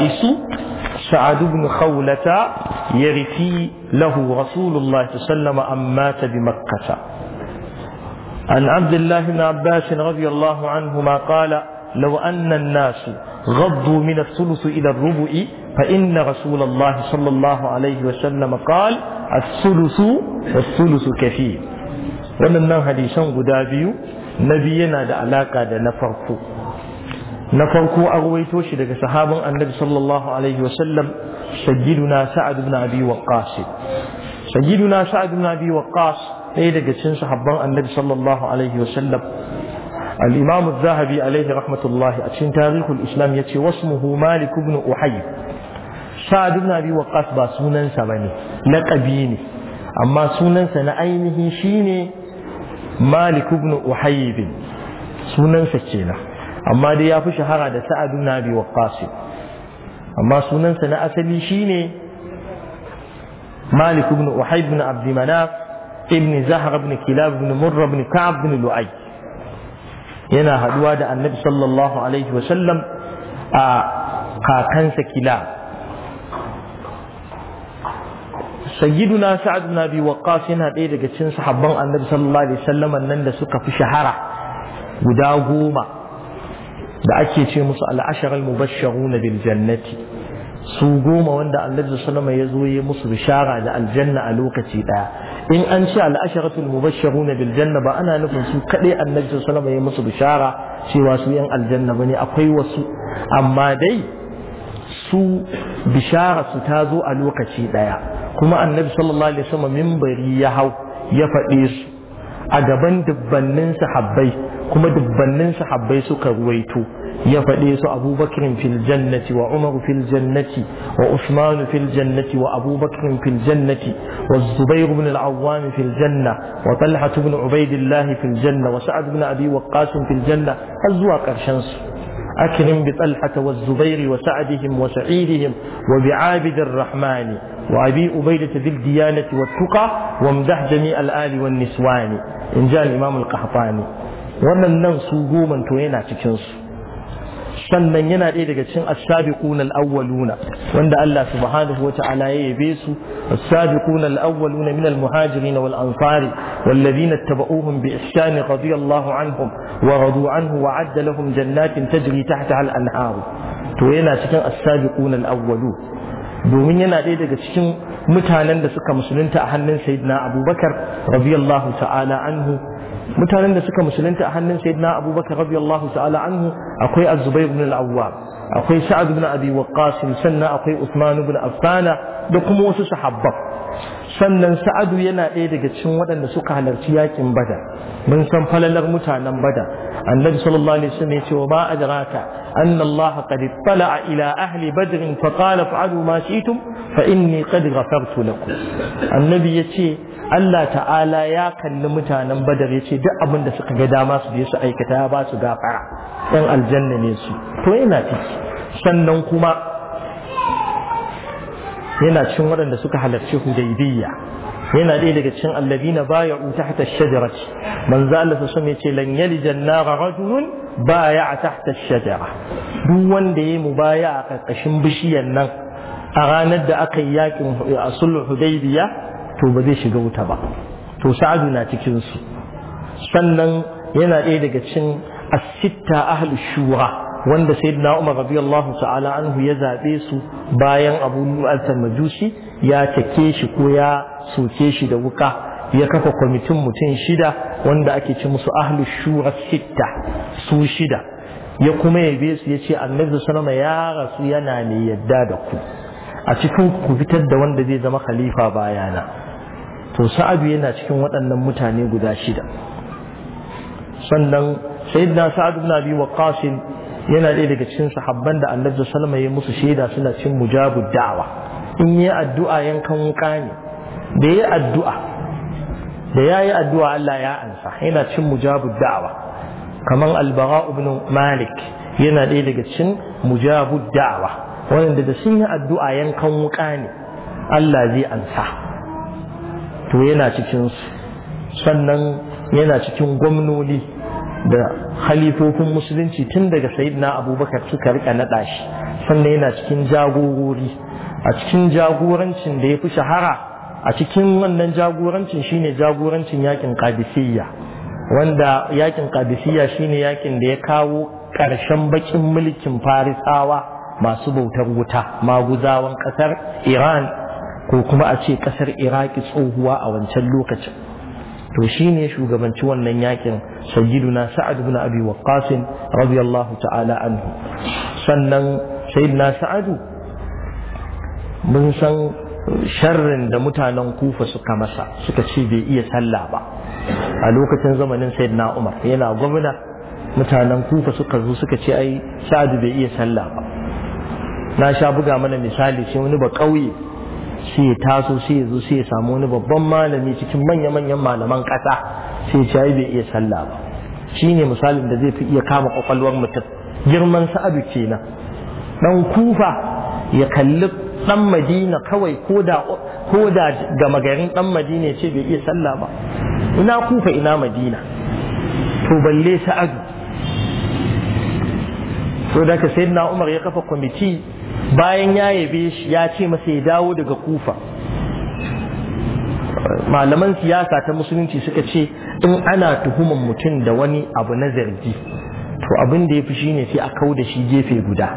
يسوع سعد بن خولة يرثي له رسول الله صلى الله عليه وسلم أم مات بمكة عن عبد الله بن عباس رضي الله عنهما قال لو أن الناس غضوا من الثلث إلى الربع فإن رسول الله صلى الله عليه وسلم قال الثلث والثلث كثير ومن هذه سنغ دابيو نبينا دعلاك دنفرق na farko an ruwaito shi daga sahabin annabi sallallahu alaihi wasallam sayyiduna sa'ad ibn abi waqqas sayyiduna sa'ad ibn abi waqqas ɗaya daga cikin sahabban annabi sallallahu alaihi wasallam al-imam az-zahabi alaihi rahmatullah a cikin tarihul islam yace wasmuhu malik ibn uhay sa'ad ibn abi waqqas ba sunansa bane laqabi ne amma sunansa na ainihi shine malik ibn uhayb sunansa kenan amma dai ya fi shahara da sa'adu na bi waqqas amma sunansa na asali shine malik ibn uhayb ibn abd ibn Zahar, ibn kilab ibn murra ibn ka'ab ibn lu'ay yana haduwa da annabi sallallahu alaihi wa sallam a kakansa kilab sayyiduna sa'ad ibn abi waqqas yana ɗaya daga cikin sahabban annabi sallallahu alaihi wa wasallam nan da suka fi shahara guda goma da ake ce musu al'asharar mu basharu na jannati su goma wanda annabi sallama ya zo ya musu bishara da aljanna a lokaci daya in an ce al'asharatul mubashsharuna bil janna ba ana nufin su kadai annabi sallama ya musu bishara cewa su yan aljanna bane akwai wasu amma dai su bishara su ta zo a lokaci daya kuma annabi sallallahu alaihi wasallam minbari ya hau ya faɗe su a gaban dubbannin sahabbai kuma dubbannin sahabbai suka ruwaito ya faɗe su Abu Bakr fil jannati wa umar fil jannati wa Uthman fil jannati wa Abu Bakr fil jannati wa zubair ibn al-awwam fil janna wa talha ibn ubaidillah fil janna wa sa'ad ibn abi waqqas fil janna har zuwa karshen su bi bi Talha wa wa wa wa Zubair Sa'idihim أكرم بطلحة والزبير وسعدهم وسعيدهم وبعابد الرحمن wa أبيدة ذي الديانة والتقى وامدح جميع الآل والنسوان إن imam al-Qahtani wannan nan su goman to yana cikinsu sannan yana ɗaya daga cikin as al-awwaluna wanda Allah subhanahu wa ta'ala ya yabe su as al-awwaluna min al-muhajirin wal ansari والذين اتبعوهم بإحسان wa الله anhu ورضوا عنه وعد jannatin جنات تجري تحتها الأنهار to yana cikin as al-awwalu domin yana ɗaya daga cikin mutanen da suka musulunta a hannun sayyidina abubakar radiyallahu ta'ala anhu mutanen da suka musulunta a hannun sayyidina abubakar radiyallahu ta'ala anhu akwai az-zubair ibn al-awwam akwai sa'ad ibn abi waqqas sannan akwai usman ibn affan da kuma wasu sahabban sannan sa'adu yana ɗaya daga cikin waɗanda suka halarci yakin bada mun san falalar mutanen bada annabi sallallahu alaihi wasallam ya ce wa ma adraka anna allah qad ittala'a ila ahli badr fa qala fa'alu ma shi'tum fa inni qad ghafartu lakum annabi yace Allah ta'ala ya kalli mutanen badar ya ce duk abin da suka ga dama su su aikata ya ba su gafara ɗan aljanna ne su to yana ciki sannan kuma yana cin waɗanda suka halarci hudaybiyya yana ɗaya daga cikin allabina baya hata shajarati manzo Allah sa ya ce lan yalija an rajulun baya tahta shajara duk wanda mu baya a karkashin bishiyar nan a ranar da aka yi yakin sulhu hudaybiya to ba zai shiga wuta ba to sa'adu na cikin su sannan yana ɗaya daga cikin asitta ahlu shura wanda sayyidina Umar radiyallahu ta'ala anhu ya zaɓe su bayan Abu Mu'azzam Majusi ya take shi ko ya soke shi da wuka ya kafa kwamitin mutum shida wanda ake ci musu ahlu shura sitta su shida ya kuma yabe su ya ce annabi sallama ya rasu yana mai yadda da ku a cikin ku fitar da wanda zai zama khalifa bayana to sa'adu yana cikin waɗannan mutane guda shida sannan sayyidina sa'ad ibn abi waqqas yana ɗaya daga cikin sahabban da annabi salama ya musu shaida suna cin mujabu da'awa in yi addu'a yankan wuka ne da yi addu'a da yayi addu'a Allah ya ansa yana cin mujabu da'awa kaman albara ibn malik yana ɗaya daga cikin mujabud da'awa wanda da sun yi addu'a yankan wuka ne Allah zai ansa to yana cikin su sannan yana cikin gwamnoni da halifofin musulunci tun daga na abubakar suka rika naɗa shi sannan yana cikin jagorori a cikin jagorancin da ya fi shahara a cikin wannan jagorancin shine jagorancin yakin kadisiyya wanda yakin kadisiyya shine yakin da ya kawo ƙarshen bakin mulkin farisawa masu bautar wuta maguzawan ƙasar iran ko kuma a ce kasar iraki tsohuwa a wancan lokacin to shine shugabanci wannan yakin sayyiduna sa'ad ibn abi waqqas radiyallahu ta'ala anhu sannan sayyidina sa'adu mun san sharrin da mutanen kufa suka masa suka ce bai iya sallah ba a lokacin zamanin sayyidina umar yana gwamna mutanen kufa suka zo suka ce ai sa'adu bai iya sallah ba na sha buga mana misali sai wani ba ƙauye sai ya taso sai ya zo sai ya samu wani babban malami cikin manya-manyan malaman ƙasa sai ya bai iya sallah ba shine misalin da zai fi iya kama kwakwalwar mutum girman sa'adu kenan dan kufa ya kalli dan madina kawai ko da gama magarin dan madina ce bai iya sallah ba ina kufa ina madina to balle sa'adu to da ka sayyidina umar ya kafa kwamiti bayan ya yabe shi ya ce masa ya dawo daga kufa malaman siyasa ta musulunci suka ce in ana tuhumar mutum da wani abu na zargi to abin da ya fi shine sai a kau da shi gefe guda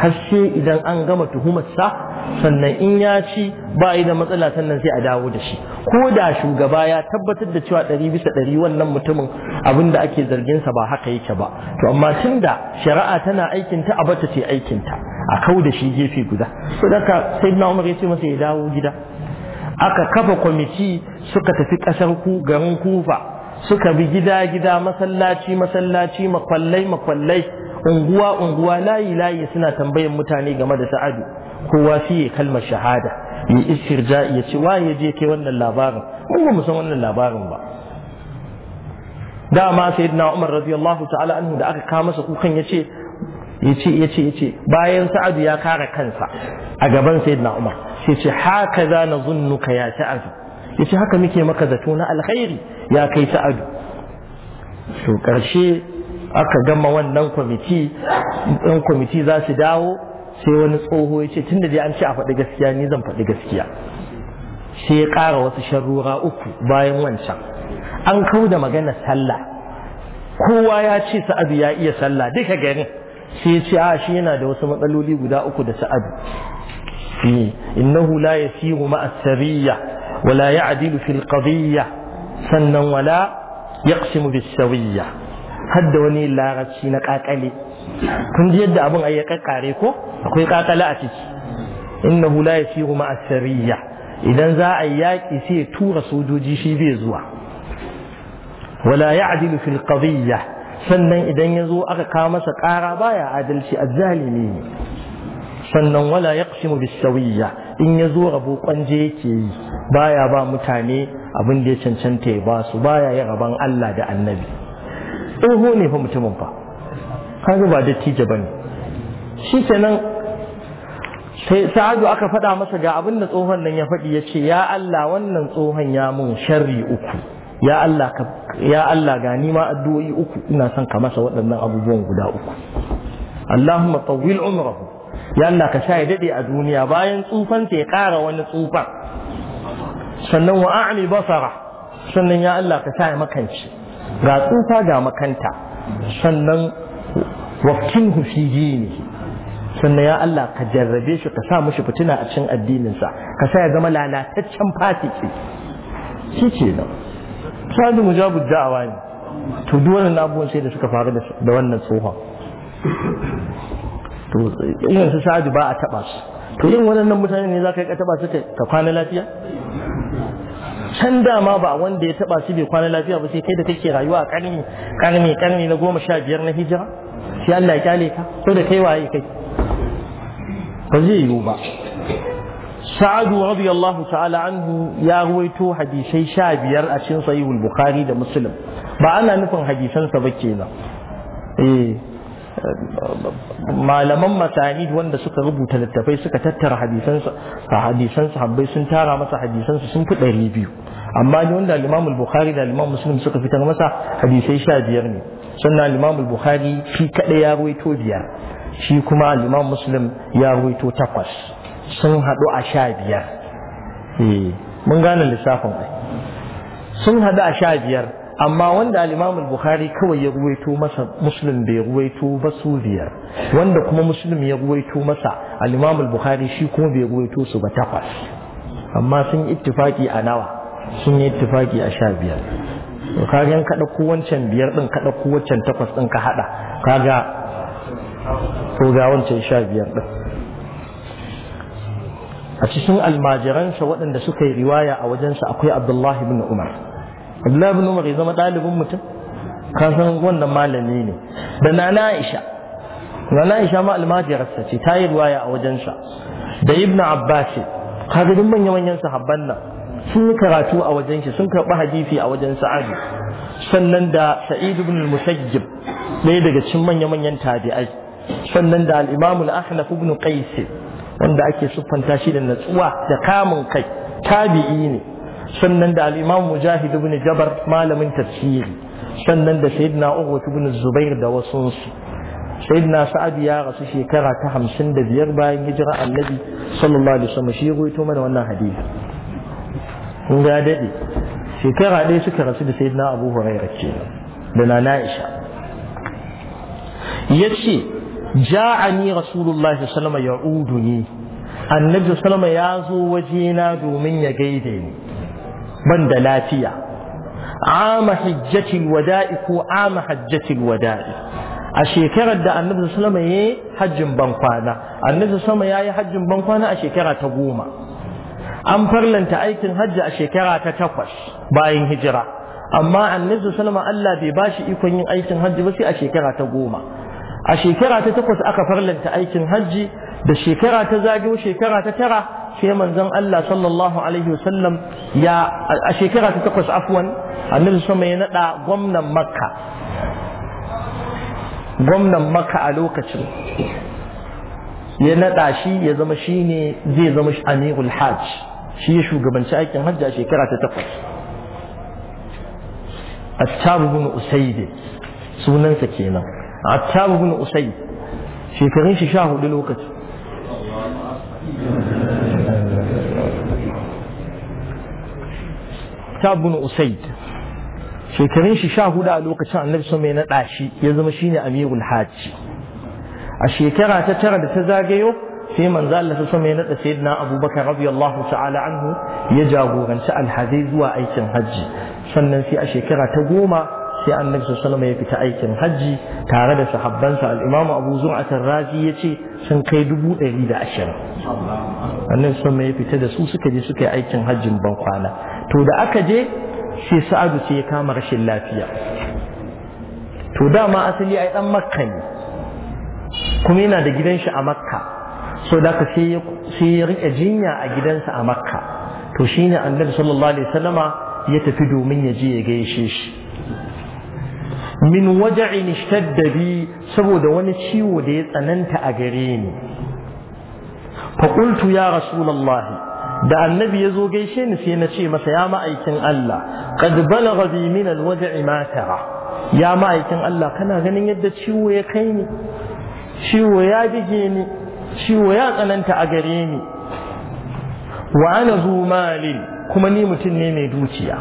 har sai idan an gama tuhumarsa sannan in ya ci ba yi da matsala sannan sai a dawo da shi ko da shugaba ya tabbatar da cewa ɗari bisa ɗari wannan mutumin abin da ake zargin sa ba haka yake ba to amma tun da shari'a tana aikinta a bata ce aikinta a kau da shi gefe guda so daga sai na umar ya masa ya dawo gida aka kafa kwamiti suka tafi kasar ku garin kufa suka bi gida gida masallaci masallaci makwallai makwallai unguwa unguwa layi layi suna tambayan mutane game da sa'adu kowa shi ya kalmar shahada ya istirja ya ce wa ya je kai wannan labarin mun ba mu san wannan labarin ba dama sayyidina Umar radiyallahu ta'ala anhu da aka kawo masa kukan yace yace yace yace bayan sa'adu ya kara kansa a gaban sayyidina umar yace haka za na zunnuka ya sa'adu yace haka muke maka zato na alkhairi ya kai sa'adu to karshe aka gama wannan kwamiti ɗan kwamiti za su dawo sai wani tsoho ya ce tun da an ce a faɗi gaskiya ni zan faɗi gaskiya sai ya kara wasu sharrura uku bayan wancan an kau da maganar sallah kowa ya ce sa'adu ya iya sallah duka garin sai ce a shi yana da wasu matsaloli guda uku da sa'adu innahu la yasiru ma'a sariyya wa la ya'dilu fil qadiyya sannan wala yaqsimu bis sawiyya hadda wani larabci na kakale kun ji yadda abun a kakkare ko akwai ƙaƙale a ciki innahu la yasiru ma'a sariyya idan za a yi yaƙi sai tura sojoji shi bai zuwa wala ya'dilu fil qadiyya sannan idan ya zo aka kawo masa ƙara baya adalci a zalimi ne sannan wala yaqsimu bisawiyya in ya zo rabo kwanje yake yi baya ba mutane abin da ya cancanta ya ba su baya ya rabon Allah da annabi tsoho ne fa mutumin fa kaga ba dattijo bane shi kenan sai sa'adu aka faɗa masa ga abin da tsohon nan ya faɗi ya ce ya Allah wannan tsohon ya mun sharri uku ya Allah ya Allah ni ma addu'o'i uku ina son ka masa waɗannan abubuwan guda uku Allahumma tawwil umrahu ya Allah ka sa ya dade a duniya bayan tsufan ya ƙara wani tsufa sannan wa a'mi basara sannan ya Allah ka sa ya makanci ga tsufa ga makanta sannan wafkinhu fi ne sannan ya Allah ka jarrabe shi ka sa mushi fitina a cikin addininsa ka sa ya zama lalataccen fasiki shi ke nan sadu mujabu da'awa ne to duk wannan abubuwan sai da suka faru da wannan tsohon to irin su sadu ba a taba su to yin waɗannan mutane ne za ka yi ka taba su ka kwana lafiya can dama ba wanda ya taba su bai kwana lafiya ba sai kai da kake rayuwa a karni karni karni na goma sha biyar na hijira sai Allah ya kyale ka ko da kai waye kai ba zai yiwu ba sa'adu radiyallahu ta'ala anhu ya ruwaito hadisai sha biyar a cikin sahihul bukhari da muslim ba ana nufin hadisansa ba kenan eh malaman masanid wanda suka rubuta littafai suka tattara hadisansa hadisan habbai sun tara masa hadisansu sun fi ɗari biyu amma ne wanda al bukhari da al-Imam Muslim suka fitar masa hadisai sha biyar ne sannan al-Imam bukhari shi kaɗai ya ruwaito biyar shi kuma al-Imam Muslim ya ruwaito takwas sun haɗu a sha biyar eh, mun gane lissafin ai sun haɗu a sha biyar amma wanda alimamul bukhari kawai ya ruwaito masa muslim bai ruwaito ba su biyar wanda kuma muslim ya ruwaito masa alimamul bukhari shi kuma bai ruwaito su ba takwas amma sun ittifaki a nawa sun yi ittifaki a sha biyar kaga kada ɗauko wancan biyar ɗin kada ɗauko wancan takwas ɗin ka haɗa kaga ko ga wancan sha biyar ɗin a cikin almajiransa waɗanda suka yi riwaya a wajensa akwai abdullahi ibn umar abdullahi ibn umar ya zama ɗalibin mutum ka san wannan malami ne da nana aisha nana aisha ma almajirarsa ce ta yi riwaya a wajensa da ibn abbas kaga duk manya manyan sahabban nan sun yi karatu a wajen shi sun karɓi hadisi a wajen sa'adu sannan da sa'id ibn al-musayyib ɗaya daga cikin manya manyan tabi'ai sannan da al-imam al-ahnaf ibn qais wanda ake siffanta shi da natsuwa da kamun kai tabi'i ne sannan da al-imam mujahid ibn jabar malamin tafsiri sannan da sayyidina urwat ibn zubair da wasunsu sayyidina sa'ad ya rasu shekara ta hamsin da biyar bayan hijira annabi sallallahu alaihi wasallam shi ruwaito mana wannan hadisi kun ga dade shekara ɗaya suka rasu da sayyidina abu hurairah kenan da na na'isha yace ja'ani rasulullahi sallama uduni, annabi sallama ya zo wajena domin ya gaide ni ban da lafiya ama hajjatil wada'i ko ama hajjatil wada'i a shekarar da annabi sallama ya yi hajjin kwana, annabi sallama ya yi hajjin kwana a shekara ta goma an farlanta aikin hajji a shekara ta takwas bayan hijira amma annabi sallama Allah bai bashi ikon yin aikin hajji ba sai a shekara ta goma a shekara ta takwas aka farlanta aikin hajji da shekara ta zagayo shekara ta tara sai manzon Allah sallallahu alaihi wasallam ya a shekara ta takwas afwan annabi sama ya nada gwamnan makka gwamnan makka a lokacin ya nada shi ya zama ne zai zama amirul hajj shi ya shugabanci aikin hajji a shekara ta takwas attab bin usayd sunansa kenan عتاب بن أسيد في كغين شاه للوقت عتاب بن أسي في كغين شاه للوقت عن نفسه من العشي يزمشين أمير الحاج الشيكرة تترى بتزاقيه في من ذال لتسمينة سيدنا أبو بكر رضي الله تعالى عنه يجاوب عن سأل حديث وأيت حج فنن في الشيكرة تقوم sai annabi sallallahu ya fita aikin hajji tare da sahabbansa al-imam abu zur'a ya ce sun kai dubu ɗari da ashirin annabi sallallahu ya fita da su suka je suka yi aikin hajjin ban kwana to da aka je sai sa'adu sai ya kama rashin lafiya to dama asali ai dan makka ne kuma yana da gidan shi a makka so da ka sai ya rike jinya a gidansa a makka to shine annabi sallallahu alaihi wasallama ya tafi domin ya je ya gaishe shi min waja'in ishtadda bi saboda wani ciwo da ya tsananta a gare ni fa qultu ya rasulullah da annabi ya zo gaishe ni sai na ce masa ya ma'aikin Allah qad balagha bi min alwaj'i ma tara ya ma'aikin Allah kana ganin yadda ciwo ya kai ni ciwo ya bige ni ciwo ya tsananta a gare ni wa ana zu malin kuma ni mutum ne mai dukiya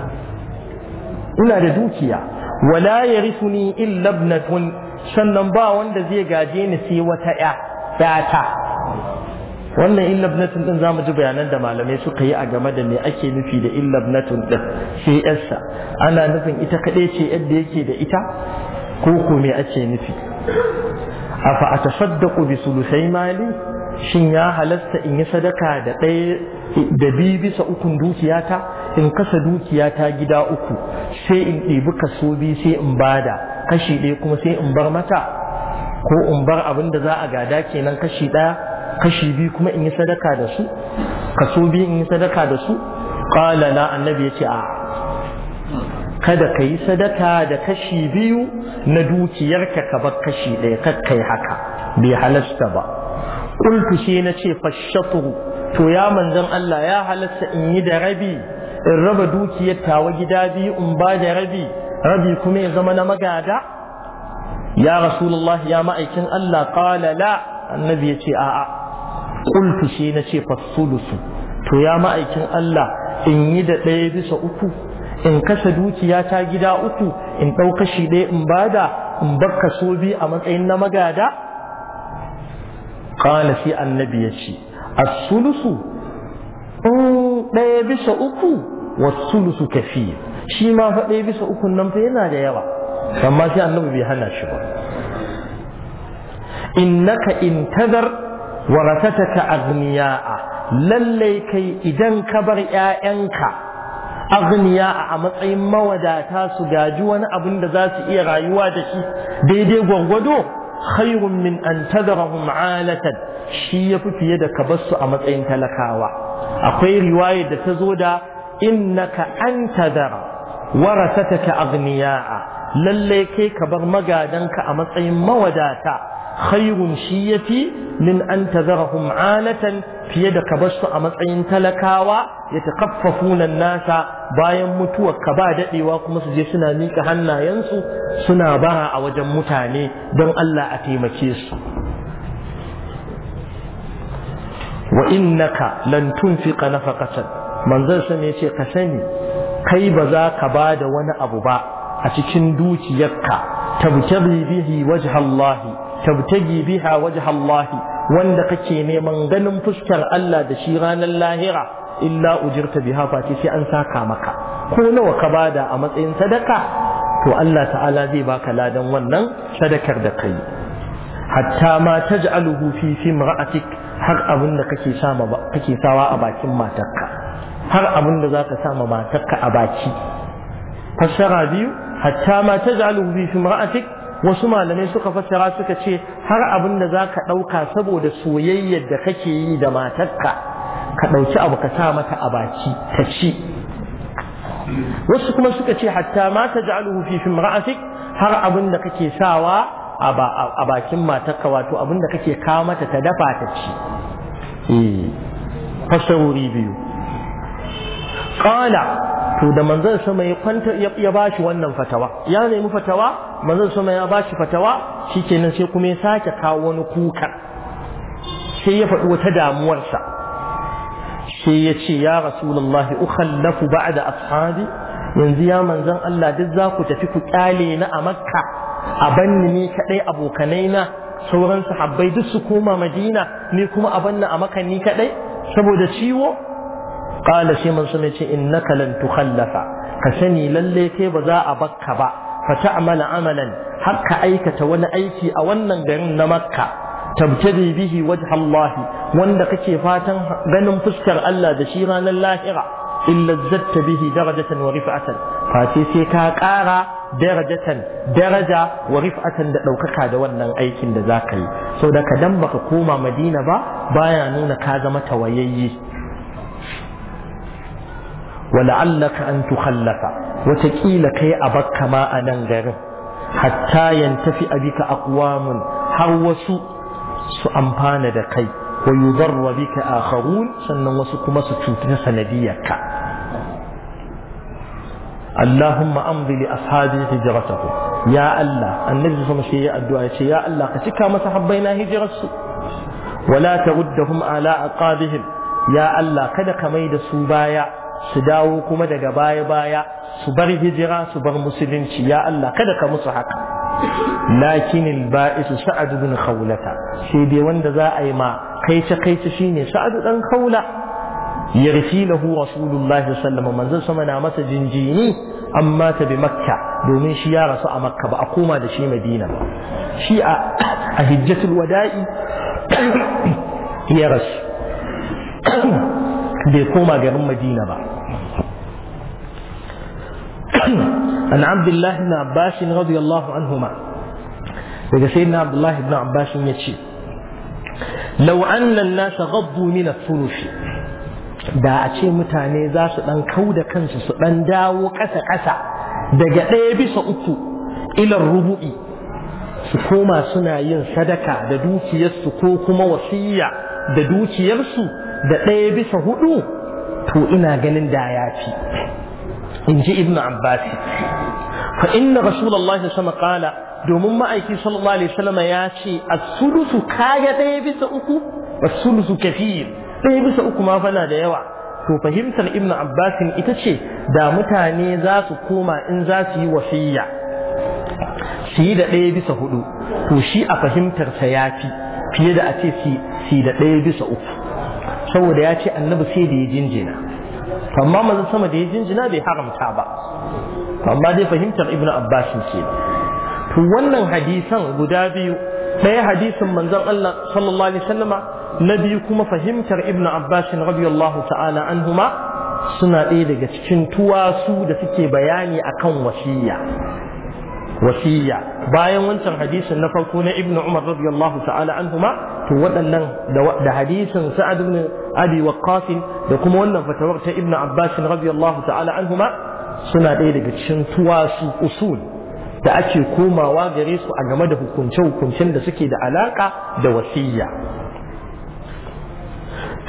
ina da dukiya wala yarisuni illa ibnatun sannan ba wanda zai gaje ni sai wata ya wannan illa ibnatun din zamu ji bayanan da malamai suka yi a game da me ake nufi da illa ibnatun din sai yarsa ana nufin ita kadai ce yadda yake da ita ko ko me ake nufi afa atasaddaqu bi sulusai mali shin ya halasta in yi sadaka da ɗaya da bisa ukun dukiyata in kasa dukiya ta gida uku sai in ɗebi kaso biyu sai in bada kashi ɗaya kuma sai in bar mata ko in bar abin da za a gada kenan kashi ɗaya kashi biyu kuma in yi sadaka da su kaso biyu in yi sadaka da su ƙala na annabi ce a kada ka yi sadaka da kashi biyu na dukiyarka ka bar kashi ɗaya kar yi haka bai halasta ba qultu shi na ce fashatru to ya manzon Allah ya halasta in yi da rabi in raba dukiyar tawa gida biyu in ba da rabi rabi kuma ya zama na magada ya rasulullahi ya ma'aikin Allah qala la annabi ya ce a'a qultu shi na ce fasulusu to ya ma'aikin Allah in yi da ɗaya bisa uku in kasa dukiya ta gida uku in ɗau kashi ɗaya in bada in bar kaso biyu a matsayin na magada qala sai annabi ya ce as-sulusu in ɗaya bisa uku wasu kafi shi ma fa ɗaya bisa uku nan fa yana da yawa amma sai annabi bai hana shi ba innaka in tadar warasataka aghniya'a lallai kai idan ka bar 'ya'yanka aghniya'a a matsayin mawadata su gaji wani abin da za su iya rayuwa da shi daidai gwargwado khairun min an tadarahum alatan shi ya fi fiye da ka bar a matsayin talakawa akwai riwaya da ta zo da innaka ta tadara warasataka a, lalle kai ka bar magadanka a matsayin mawadata khairun shi yafi min an tadarahum alatan fiye da ka bar su a matsayin talakawa ya takaffafuna nasa bayan mutuwar ka ba dadewa kuma su je suna mika hannayensu suna bara a wajen mutane don Allah a taimake su wa innaka lan tunfiqa nafaqatan manzon sa yace ce ka sani kai ba za ka ba da wani abu ba a cikin dukiyarka tabtaghi bihi wajha Allah tabtaghi biha wajha Allah wanda kake neman ganin fuskar Allah da shi ranar lahira illa ujirta biha fati sai an saka maka ko nawa ka bada a matsayin sadaka to Allah ta'ala zai baka ladan wannan sadakar da kai hatta ma taj'aluhu fi fi har abin da kake sawa a bakin matarka har abin da zaka sama matarka a baki fassara biyu hatta ma taj'alu fi imra'atik wasu malamai suka fassara suka ce har abin da zaka ɗauka saboda soyayyar da kake yi da matarka ka ɗauki abu ka sa mata a baki ka ci wasu kuma suka ce hatta ma taj'alu fi imra'atik har abin da kake sawa a bakin matarka wato abinda kake kawo mata ta dafa ta ci hmm. fasaruri biyu Kala. to da manzon sama ya kwanta ya bashi wannan fatawa ya nemi fatawa manzon sama ya bashi fatawa kenan sai kuma ya sake kawo wani kuka sai ya faɗi wata damuwarsa sai ya ce ya rasulullahi ukhallafu ba'da ashabi yanzu ya manzon Allah duk za ku tafi ku kyale na a makka a banni ni kaɗai abokanai na sauran sahabbai duk su koma madina ne kuma a banna a makan ni kaɗai saboda ciwo ƙala sai man sun ce innaka lan tukhallafa ka sani lalle kai ba za a bakka ba fa ta'mala amalan hakka aikata wani aiki a wannan garin na makka tabtadi bihi wajha Allah wanda kake fatan ganin fuskar Allah da shi ranar lahira illa zatta bihi darajatan wa rif'atan fa sai ka ƙara darajatan daraja wa rif'atan da ɗaukaka da wannan aikin da za ka yi so da ka dan baka koma madina ba baya nuna ka zama tawayayye wala'allaka an tukhallafa wataƙila kai a bakka ma a nan garin hatta yantafi abika aqwamun har wasu su amfana da kai wa yudarra bika akharun sannan wasu kuma su sanadiyyar sanadiyarka اللهم امضي لاصحابي هجرتهم يا الله النبي صلى الله عليه يا الله قد كما تحبينا هجرت ولا تردهم على اعقابهم يا الله قد كما يدسوا بايا سداو كما دغ بايا بايا سبر هجرا سبر مسلمين يا الله قد كما حق لكن البائس سعد بن خولة سيدي وند ذا ايما كيش كيش شيني سعد بن خوله يرتي له رسول الله صلى الله عليه وسلم من زمن جنجيني أما مات بمكة دومين شيا رسا مكة بأقوم هذا شيء مدينة شيء أهجة الوداء يرس بيقوم غير مدينة أن عبد الله بن عباس رضي الله عنهما إذا سيدنا عبد الله بن عباس يشي لو أن الناس غضوا من الثلث da a ce mutane za su ɗan kau da kansu su ɗan dawo ƙasa-ƙasa daga ɗaya bisa uku ilar rubu'i su koma suna yin sadaka da dukiyarsu ko kuma wasiya da dukiyarsu da ɗaya bisa hudu to ina ganin da ya fi in ji ibn abbas fa inna rasulullahi sama kala domin ma'aiki sallallahu alaihi wasallam ya ce as-sulusu kaga ɗaya bisa uku was-sulusu kafir ɗaya bisa uku ma fana da yawa to fahimtar ibnu abbasin ita ce da mutane za su koma in za su yi wasiyya. su yi da ɗaya bisa hudu to shi a fahimtarsa ya fi fiye da a ce si da ɗaya bisa uku saboda ya ce annabi sai da ya jinjina amma mazan sama da ya jinjina bai haramta ba amma dai fahimtar ibnu abbas ce to wannan hadisan guda biyu ɗaya hadisin manzon Allah sallallahu alaihi wasallama na biyu kuma fahimtar ibn abbas radiyallahu ta'ala anhuma suna ɗaya daga cikin tuwasu da suke bayani akan wasiyya wasiyya bayan wancan hadisin na farko na Ibnu umar radiyallahu ta'ala anhuma to waɗannan da hadisin sa'ad ibn abi waqqas da kuma wannan fatawar ta ibnu abbas radiyallahu ta'ala anhuma suna ɗaya daga cikin tuwasu usul da ake komawa gare su a game da hukunce-hukuncen da suke da alaka da wasiyya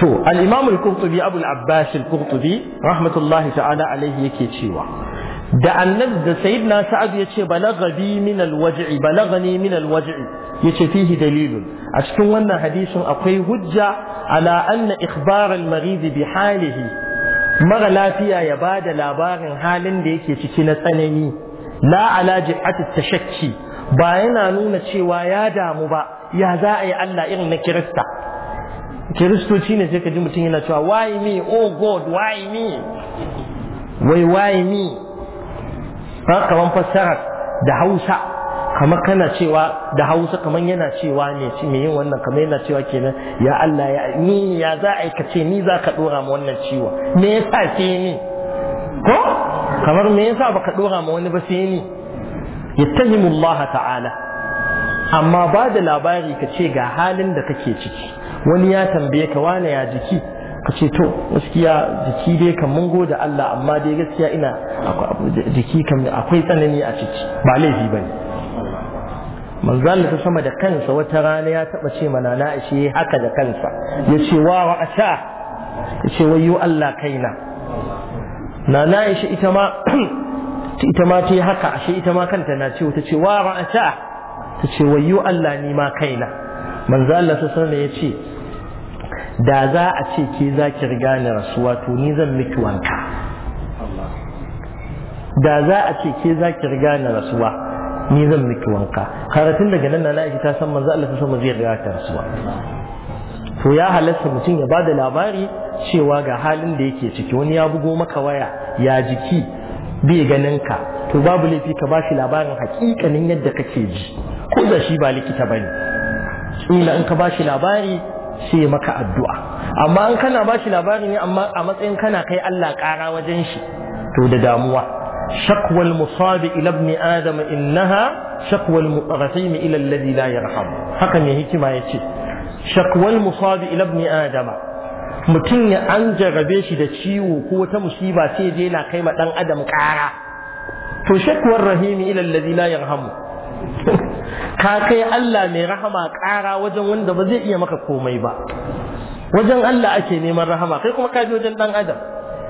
to al-imam al-qurtubi abu rahmatullahi ta'ala alaihi yake cewa da annabi da na sa'ad ya ce min al waji'i balaghani min al ya yace fihi dalilun a cikin wannan hadisin akwai hujja ala anna ikhbar al bi halihi mara lafiya ya ba da labarin halin da yake ciki na tsanani la ala jihati tashakki ba yana nuna cewa ya damu ba ya za a yi Allah irin na kirista kiristoci ne sai ka ji mutum yana cewa why me oh god why me wai why me ba kaman fassara da hausa kamar kana cewa da hausa kamar yana cewa ne ci me yin wannan kamar yana cewa kenan ya Allah ya ni ya za a ka ce ni za ka dora ma wannan ciwo me yasa sai ni ko kamar me yasa baka dora ma wani ba sai ni yattahimu Allah ta'ala amma ba da labari ka ce ga halin da kake ciki wani ya tambaye ka wane ya jiki ka ce to gaskiya jiki dai kan mun da Allah amma dai gaskiya ina jiki kan akwai tsanani a ciki ba laifi bane manzal ta sama da kansa wata rana ya taba ce mana na ishe haka da kansa ya ce wa asha ya ce yu Allah kaina na na ishe ita ma ita ma ce haka ashe ita ma kanta na ce ta ce wa asha ta ce yu Allah ni ma kaina manzo Allah ta sama ya ce da za a ce ke za ki riga ni rasuwa to ni zan miki wanka da za a ce ke za ki riga ni rasuwa ni zan miki wanka karatun daga nan na ta san manzo Allah ta san zai riga ta rasuwa to ya halatta mutum ya bada labari cewa ga halin da yake ciki wani ya bugo maka waya ya jiki bai ganin ka to babu laifi ka ba shi labarin hakikanin yadda kake ji ko da shi ba likita bane kila in ka ba shi labari sai maka addu'a amma an kana ba shi labari ne amma a matsayin kana kai Allah ƙara wajen shi to da damuwa shakwal musabi ila ibn adam innaha shakwal mutarafim ila alladhi la yarham haka ne hikima yace shakwal musabi ila ibn adam mutum ya an jarrabe shi da ciwo ko wata musiba sai je na kai ma dan adam ƙara to shakwar rahimi ila alladhi la yarhamu ka kai Allah mai rahama ƙara wajen wanda ba zai iya maka komai ba wajen Allah ake neman rahama kai kuma ka je wajen dan adam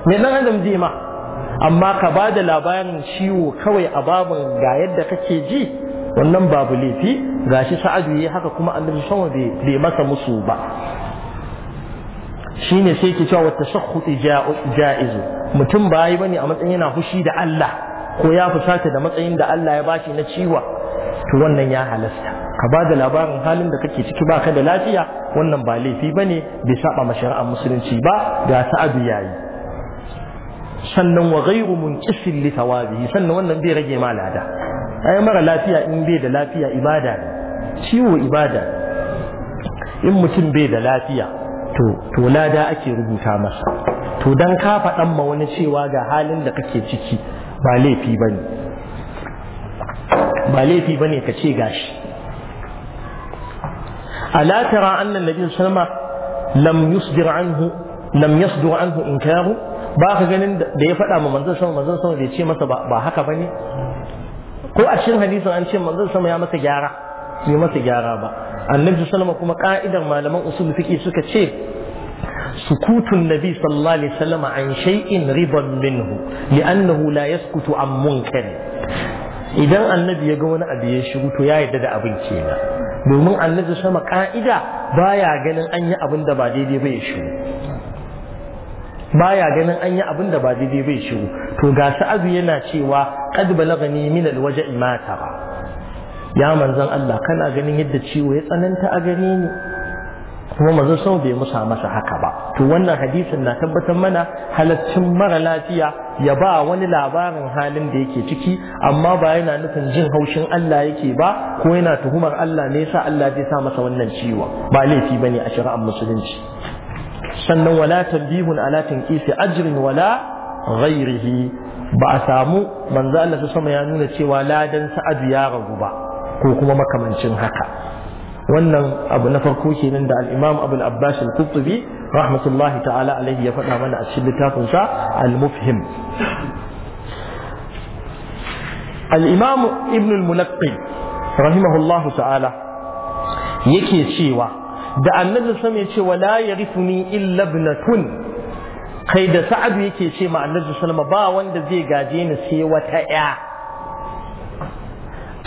mai dan adam zai ma amma ka ba da labarin ciwo kawai a babin ga yadda kake ji wannan babu laifi Ga shi sa'adu yayi haka kuma annabi sama bai masa musu ba shine sai ke cewa wata shakku ja'izu mutum ba yi bane a matsayin yana fushi da Allah ko ya fusata da matsayin da Allah ya bashi na ciwa to wannan ya halasta ka ba da labarin halin da kake ciki ba ka da lafiya wannan ba laifi bane bai saba ma shari'ar musulunci ba ga sa'adu yayi sannan wa ghayru munqisil li thawabihi sannan wannan bai rage ma lada ai mara lafiya in bai da lafiya ibada ciwo ibada in mutum bai da lafiya to to lada ake rubuta masa to dan ka faɗan ma wani cewa ga halin da kake ciki ba laifi ba ne ba laifi ba ne ka ce gashi shi ترى أن النبي صلى الله عليه وسلم لم يصدر عنه لم ba ka ganin da ya faɗa ma manzon sama manzon sama bai ce masa ba haka ba ne ko a cikin hadisin an ce manzon sama ya masa gyara bai masa gyara ba annabi sallama kuma ka'idar malaman usul fiqi suka ce Sukutun Nabi صلى الله عليه وسلم عن شيء رضا منه لأنه لا يسكت عن idan annabi ya ga wani abu ya shigo to ya yarda da abin kenan domin annabi sama ka'ida baya ganin an yi abin da ba daidai bai shigo baya ganin an yi abin da ba daidai bai shigo to ga sa'adu yana cewa qad balagani min alwaja'i ma tara ya manzon Allah kana ganin yadda ciwo ya tsananta a gare ni kuma manzon sama bai musa masa haka ba to wannan hadisin na tabbatar mana halaccin mara lafiya ya ba wani labarin halin da yake ciki amma ba yana nufin jin haushin Allah yake ba ko yana tuhumar Allah ne yasa Allah zai sa masa wannan ciwon ba laifi bane a shari'ar musulunci sannan wala tanbihun ala tanqisi ajrin wala ghairihi ba a samu manzo Allah sama ya nuna cewa ladan sa'adu ya ragu ba ko kuma makamancin haka wannan abu na farko kenan da al-Imam Abu al-Abbas al-Qurtubi rahmatullahi ta'ala alayhi ya faɗa mana a cikin littafin sa al-Mufhim al-Imam Ibn al-Munaqqi rahimahullahu ta'ala yake cewa da annabi sama ya ce wala yarithuni illa ibnatun kai da sa'adu yake ce ma annabi sallama ba wanda zai gaje ni sai wata ya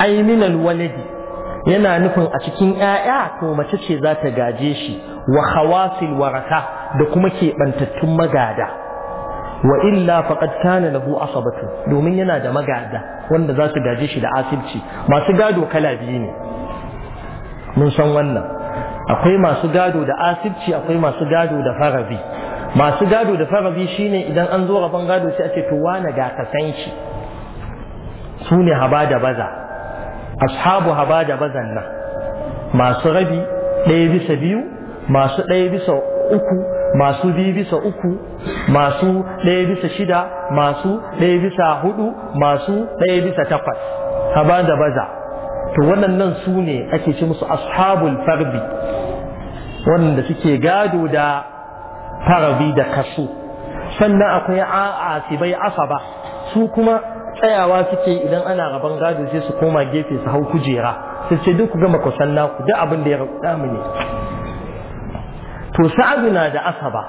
ai waladi yana nufin a cikin ƴaƴa to mace ce za ta gaje shi wa khawasil waraka da kuma keɓantattun magada wa illa faqad kana lahu asabatu domin yana da magada wanda za su gaje shi da asibci masu gado kala biyu ne mun san wannan akwai masu gado da asibci akwai masu gado da farabi masu gado da farabi shine idan an zo rabon gado sai a ce to wane ga ka san shi su ne haba da baza ashabu habaja da bazan nan masu rabi ɗaya bisa biyu masu ɗaya bisa uku masu biyu bisa uku masu ɗaya bisa shida masu ɗaya bisa hudu masu ɗaya bisa takwas habaja baza to waɗannan su ne ake ci musu ashabul farbi wanda suke gado da farabi da kasu sannan akwai asibai asaba su kuma tsayawa suke idan ana rabon gado sai su koma gefe su hau kujera sai ce duk ku gama kusan naku duk abin da ya rabu mu ne to sa'adu na da asaba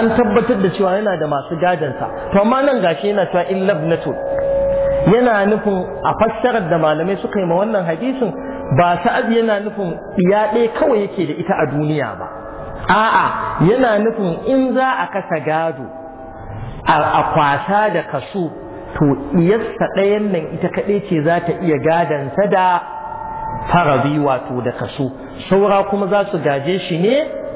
an tabbatar da cewa yana da masu gadansa to amma nan gashi yana cewa in labnatu yana nufin a fassarar da malamai suka yi ma wannan hadisin ba sa'ad yana nufin ya ɗaya kawai yake da ita a duniya ba a'a yana nufin in za a kasa gado a kwasa da kaso to iyarsa ɗayan nan ita kaɗai ce za ta iya gadansa da farabi wato da kaso saura kuma za su gaje shi ne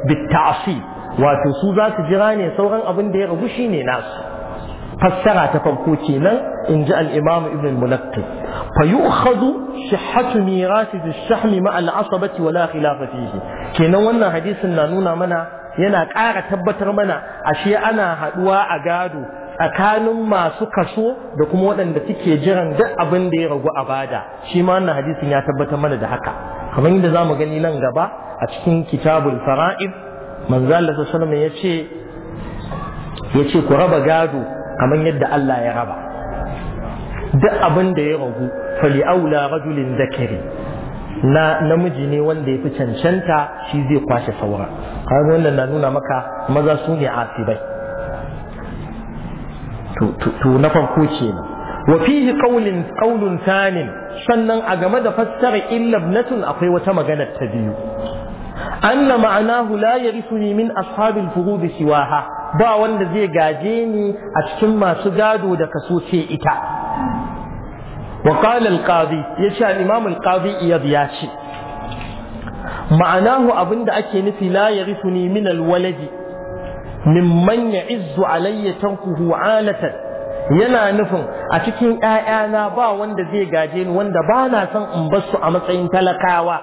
bitta'asi wato su za su jira ne sauran abin da ya ragu shi ne nasu fassara ta farko kenan in ji al'imamu ibn al-mulaqqi fa yu'khadhu sihhatu mirasi da shahmi ma'a al-asabati wala khilafa fihi kenan wannan hadisin na nuna mana yana ƙara tabbatar mana ashe ana haɗuwa a gado tsakanin masu kaso da kuma waɗanda suke jiran duk abin da ya ragu a bada shi ma wannan hadisin ya tabbatar mana da haka kamar yadda za mu gani nan gaba a cikin kitabul fara'id manzo Allah sallallahu ce yace yace ku raba gado kamar yadda Allah ya raba duk abin da ya ragu fali aula rajulin zakari na namiji ne wanda ya fi cancanta shi zai kwashe saura kaga wannan na nuna maka maza su ne asibai to farko kenan wa fihi qawlin qawlun thanin sannan a game da fassara illa ibnatun akwai wata magana ta biyu anna ma'anahu la yarithuni min ashabil furud siwaha ba wanda zai gaje ni a cikin masu gado da kaso ce ita wa qala al-qadi yace al-imam al iyad ya ce ma'anahu abinda ake nufi la yarithuni min al-waladi mimman ya izzu alayya tankuhu alatan yana nufin a cikin ‘ya'yana ba wanda zai gaje ni wanda ba na son in basu a matsayin talakawa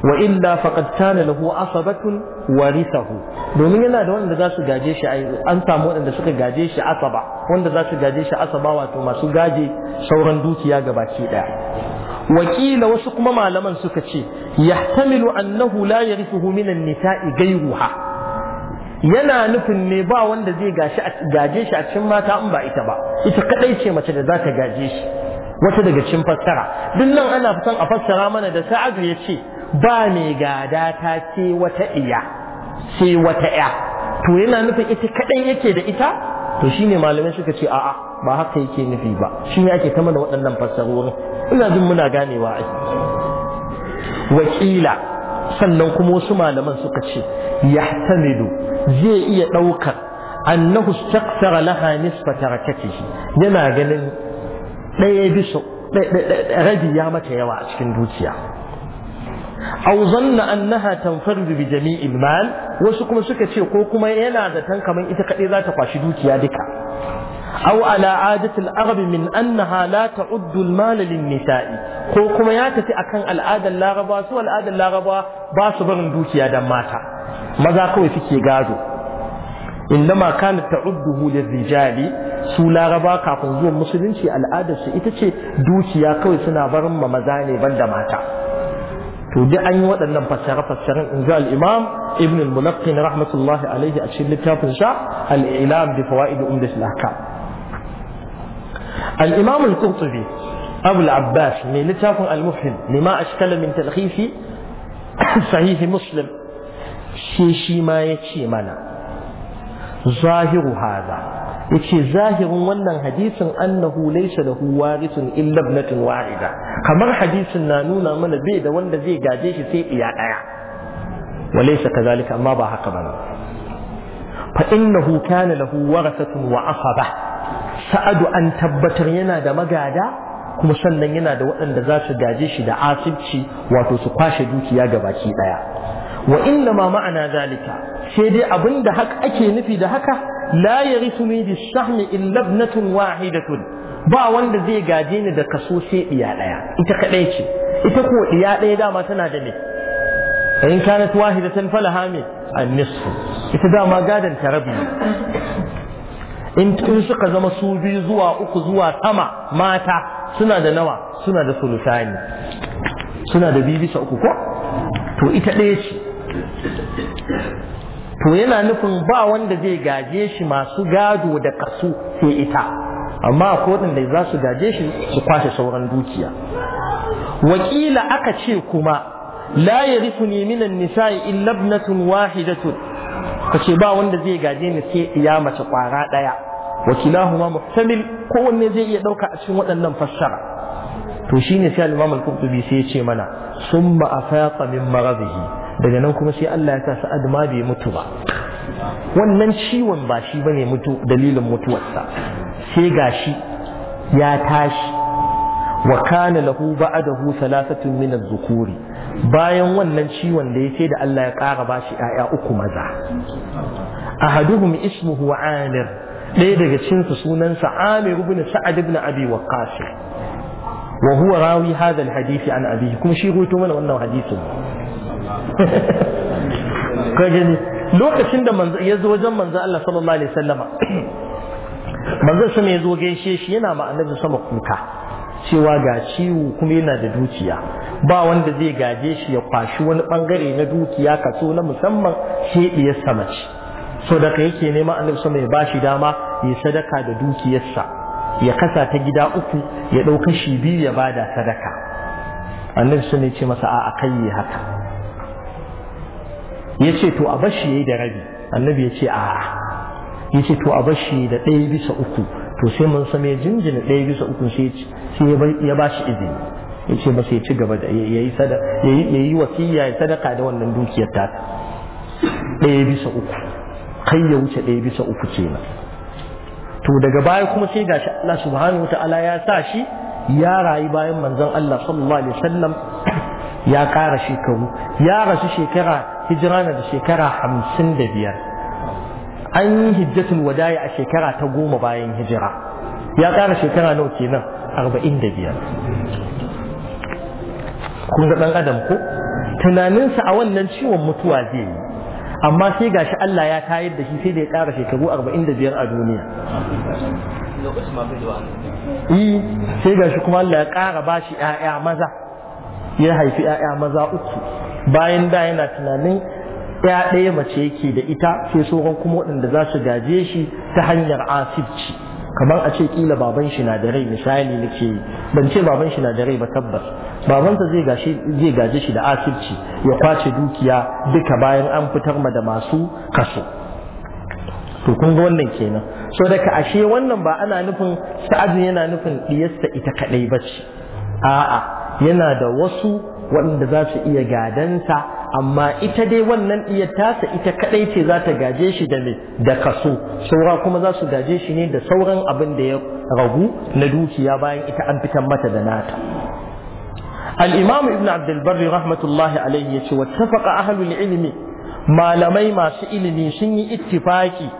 wa illa faqad kana lahu asabatun warisahu domin yana da wanda za su gaje shi an samu wanda suka gaje shi asaba wanda za su gaje shi asaba wato masu gaje sauran dukiya gabaki daya wakila wasu kuma malaman suka ce yahtamilu annahu la yarithuhu minan nisa'i ghayruha yana nufin ne ba wanda zai gaje shi a cikin mata in ba ita ba ita kadai ce mace da za ta gaje shi wata daga cikin fassara duk nan ana son a fassara mana da sa'adu ya ce ba mai gada ta ce wata iya ce wata ya to yana nufin ita kadai yake da ita to shine malamai suka ce a'a ba haka yake nufi ba ne ake ta mana waɗannan fassarorin ina jin muna ganewa ai wakila sannan kuma wasu malaman suka ce yahtamilu zai iya ɗaukar annahu istaksara laha nisfa tarakatihi yana ganin ɗaya bisa rabi ya mata yawa a cikin dukiya aw zanna annaha tanfaridu bi jami'il mal wasu kuma suka ce ko kuma yana zaton kamar ita kadai za ta kwashi dukiya duka aw ala adatil arab min annaha la ta'uddu al mal lin nisa'i ko kuma ya tafi akan al'adar laraba su al'adar laraba ba su barin dukiya dan mata maza kawai suke gado innama kana ta'udduhu lirrijali su laraba kafin zuwan musulunci al'adar su ita ce dukiya kawai suna barin ma maza ne da mata to duk an yi waɗannan fassare-fassaren in ji al'imam ibn al-mulaqqin rahmatullahi alaihi a cikin littafin sha al'ilam bi fawaid umdat al-ahkam al-imam al-qurtubi أبو العباس من لتاف المفهم لما أشكل من تلخيص shi مسلم شي ya ce mana. Zahiru ظاهر Ya yace zahirin wannan hadisin annahu laysa lahu warithun illa ibnatun wahida kamar hadisin na nuna mana bai da wanda zai gaje shi sai iya daya walaysa kadhalika amma ba haka bane fa innahu kana lahu warathatun wa asaba sa'adu an tabbatar yana da magada kuma sannan yana da waɗanda za su gaje shi da asibci wato su kwashe dukiya ga baki ɗaya wa inna ma ma'ana zalika sai dai abin da haka ake nufi da haka la yarithu min bisahmi illa ibnatun wahidatun ba wanda zai gaje ni da kaso sai ɗiya ɗaya ita kaɗai ce ita ko ɗiya ɗaya dama tana da me in kanat wahidatan Fala me an-nisfu ita dama gadan tarabi in suka zama su biyu zuwa uku zuwa sama mata suna da nawa suna da sulusani suna da biyu bisa uku ko to ita ɗaya ce to yana nufin ba wanda zai gaje shi masu gado da kasu sai ita amma akwai da za su gaje shi su kwashe sauran dukiya wakila aka ce kuma la yarithuni minan nisa'i illa ibnatun wahidatun kace ba wanda zai gaje ni sai iya mace kwara ɗaya wa kilahuma muhtamil kowanne zai iya ɗauka a cikin waɗannan fassara to shine sai al-Imam al-Qurtubi sai ya ce mana summa afaqa min maradihi daga nan kuma sai Allah ya sa Sa'ad ma bai mutu ba wannan ciwon ba shi bane mutu dalilin mutuwarsa sai gashi ya tashi wa kana lahu ba'dahu thalathatun min az-zukuri bayan wannan ciwon da yake da Allah ya ƙara bashi 'ya'ya uku maza ahaduhum ismuhu amir ɗaya daga cinsu sunansa Amir ibn Sa'ad ibn Abi Waqqas wa huwa rawi hadha al-hadith an abi kuma shi ruwaito mana wannan hadisin ka gani lokacin da manzo ya zo wajen manzo Allah sallallahu alaihi wasallama manzo su ne zo gaishe shi yana ma annabi sama kuka cewa ga ciwo kuma yana da dukiya ba wanda zai gaje shi ya kwashi wani bangare na dukiya kaso na musamman shi ya samaci. so daga yake nema annabi sama ya bashi dama ya sadaka da dukiyarsa ya kasa ta gida uku ya ɗau kashi biyu ya bada sadaka annabi sama ya ce masa a a kai haka ya ce to a bashi ya yi da rabi annabi ya ce a ya ce to a bashi da ɗaya bisa uku to sai mun sami ya jinjina ɗaya bisa uku sai ya bashi izini ya ce masa ya ci gaba da ya yi wasiya ya sadaka da wannan dukiyar ta ɗaya bisa uku kai ya wuce ɗaya bisa uku ce ba to daga baya kuma sai gashi Allah subhanahu wata'ala ya sa shi ya rayu bayan manzon Allah sallallahu alaihi wasallam ya ƙara shekaru ya rasu shekara hijira na da shekara hamsin da biyar an yi hijjatul wadaya a shekara ta goma bayan hijira ya ƙara shekara nawa kenan arba'in da biyar kun ga ɗan adam ko tunaninsa a wannan ciwon mutuwa zai yi amma sai gashi Allah ya tayar da shi sai da ya ƙara shekaru 45 a duniya yi eh, sai gashi kuma Allah ya ƙara ba shi ‘ya'ya maza ya haifi ‘ya'ya maza uku bayan da yana tunanin ‘ya ɗaya mace yake da ita sai sauran kuma waɗanda za su gaje shi ta hanyar asibci kamar a ce kila baban shi na da rai misali nake ban ce baban shi na da rai ba tabbas babansa zai gashi zai gaji shi da asibci ya kwace dukiya duka bayan an fitar ma da masu kaso to kun ga wannan kenan so daga ashe wannan ba ana nufin ajin yana nufin diyarsa ita kadai ce. a'a yana da wasu waɗanda za su iya gadansa amma ita dai wannan diyar tasa ita kadai ce zata gaje shi da me kaso saura kuma za su gaje shi ne da sauran abin da ya ragu na dukiya bayan ita an fitar mata da nata al-imam ibn abd al-barri rahmatullahi alayhi yace wattafaqa ahlu al-ilmi malamai masu ilimi sun yi ittifaki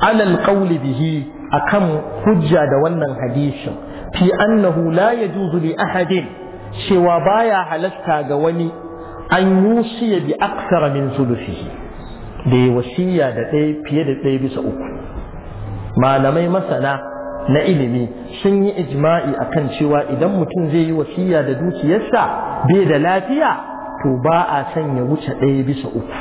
ala al bihi kan hujja da wannan hadisin fi annahu la yajuzu li ahadin cewa baya halasta ga wani an yusiya bi aksara min sulufihi da ya wasiya da ɗaya fiye da ɗaya bisa uku malamai masana na ilimi sun yi ijma'i kan cewa idan mutum zai yi wasiya da dukiyarsa bai da lafiya to ba a son ya wuce ɗaya bisa uku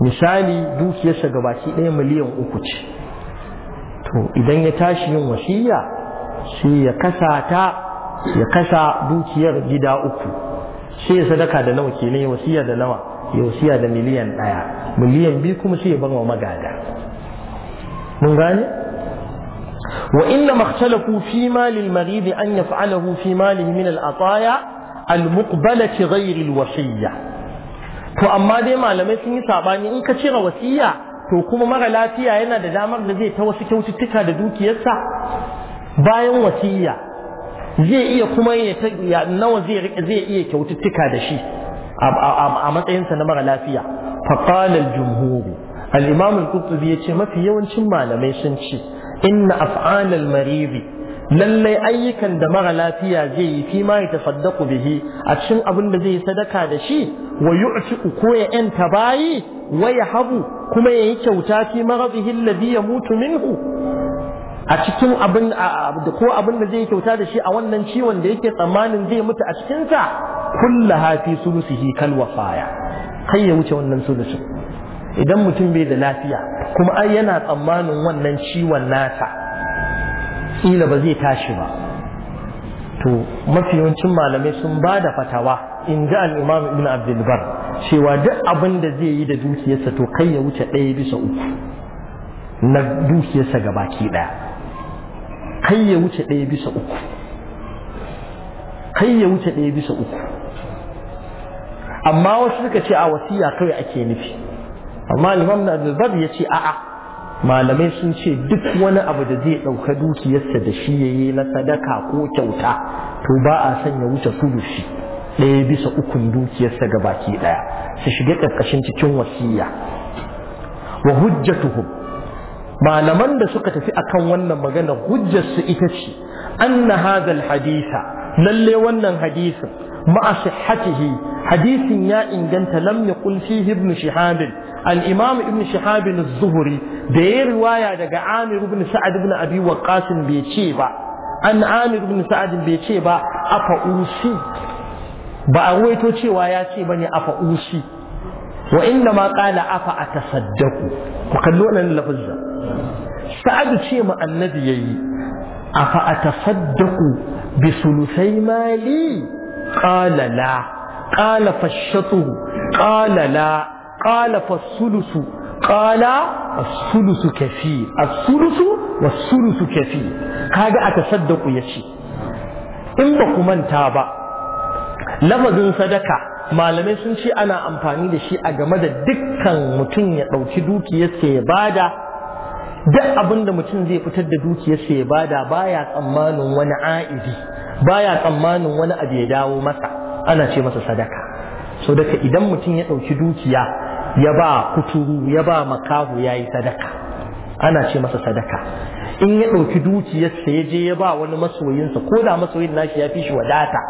misali dukiyarsa gabaki ɗaya miliyan uku ce to idan ya tashi yin wasiya sai ya kasa ta ya kasa dukiyar gida uku sai ya sadaka da nawa kenan wasiya da nawa ya wasiya da miliyan ɗaya miliyan biyu kuma sai ya bar wa magada mun gane wa inna makhtalafu fi malil marid an yaf'alahu fi malihi min al ataya al muqbalati ghayr al wasiyya to amma dai malamai sun yi sabani in ka cire wasiya to kuma mara lafiya yana da damar da zai ta wasu kyaututtuka da dukiyarsa bayan wasiya zai iya kuma ya nawa zai zai iya kyaututtuka da shi a matsayinsa na mara lafiya faqala al-jumhur al-imam al-qurtubi yace mafi yawancin malamai sun ce inna af'al al-marid lallai ayyukan da mara lafiya zai yi fi ma yatasaddaqu bihi a cikin abin da zai yi sadaka da shi wa yu'ti ko ya yanta bayi wa habu kuma yayi kyauta fi maradihi alladhi yamutu minhu a cikin abin ko abin da zai kyauta da shi a wannan ciwon da yake tsammanin zai mutu a cikin cikinsa kulla hafi sulusihi kal wafaya kai ya wuce wannan sulusin idan mutum bai da lafiya kuma ai yana tsammanin wannan ciwon nasa kila ba zai tashi ba to mafi yawancin malamai sun ba da fatawa in ji al'imam ibn abdulbar cewa duk abin da zai yi da dukiyarsa to kai ya wuce ɗaya bisa uku na dukiyarsa gabaki ɗaya kai ya wuce ɗaya bisa uku kai ya wuce ɗaya bisa uku amma wasu suka ce a wasiya kawai ake nufi amma limam na abdulbar ya ce a'a malamai sun ce duk wani abu da zai ɗauka dukiyarsa da shi ya yi na sadaka ko kyauta to ba a son ya wuce kudushi ɗaya bisa ukun dukiyarsa ga baki ɗaya su shiga ƙarƙashin cikin wasiya wa hujjatuhum malaman da suka tafi akan wannan magana hujjar su ita ce anna hadha hadisa lalle wannan hadisin ma'a sihhatihi hadisin ya inganta lam yaqul fihi ibn shihab al-imam ibn shihab az-zuhri da ya riwaya daga amir ibn sa'ad ibn abi waqqas bai ce ba an amir ibn sa'ad bai ce ba afa usi ba a ruwaito cewa ya ce bane afa usi wa inna ma qala afa atasaddaqu ku kallo nan lafazin sa'adu ce ma annabi yayi afa atasaddaqu bi sulusai mali Ƙalala. Ƙala qala Ƙalala. Ƙala fasulusu Ƙala asulusu kafi Asulusu wasulusu kafi. sulusu kafi kaga yace in ba ku manta ba lafazin sadaka malamai sun ce ana amfani da shi a game da dukkan mutum ya ɗauki dukiyarsa ya bada duk abin da mutum zai fitar da dukiyarsa ya bada baya tsammanin wani a'idi baya tsammanin wani abu ya dawo masa ana ce masa sadaka so daga idan mutum ya ɗauki dukiya ya ba kuturu ya ba makahu ya yi sadaka ana ce masa sadaka in ya ɗauki dukiyarsa ya je ya ba wani masoyinsa ko da masoyin nashi ya fi shi wadata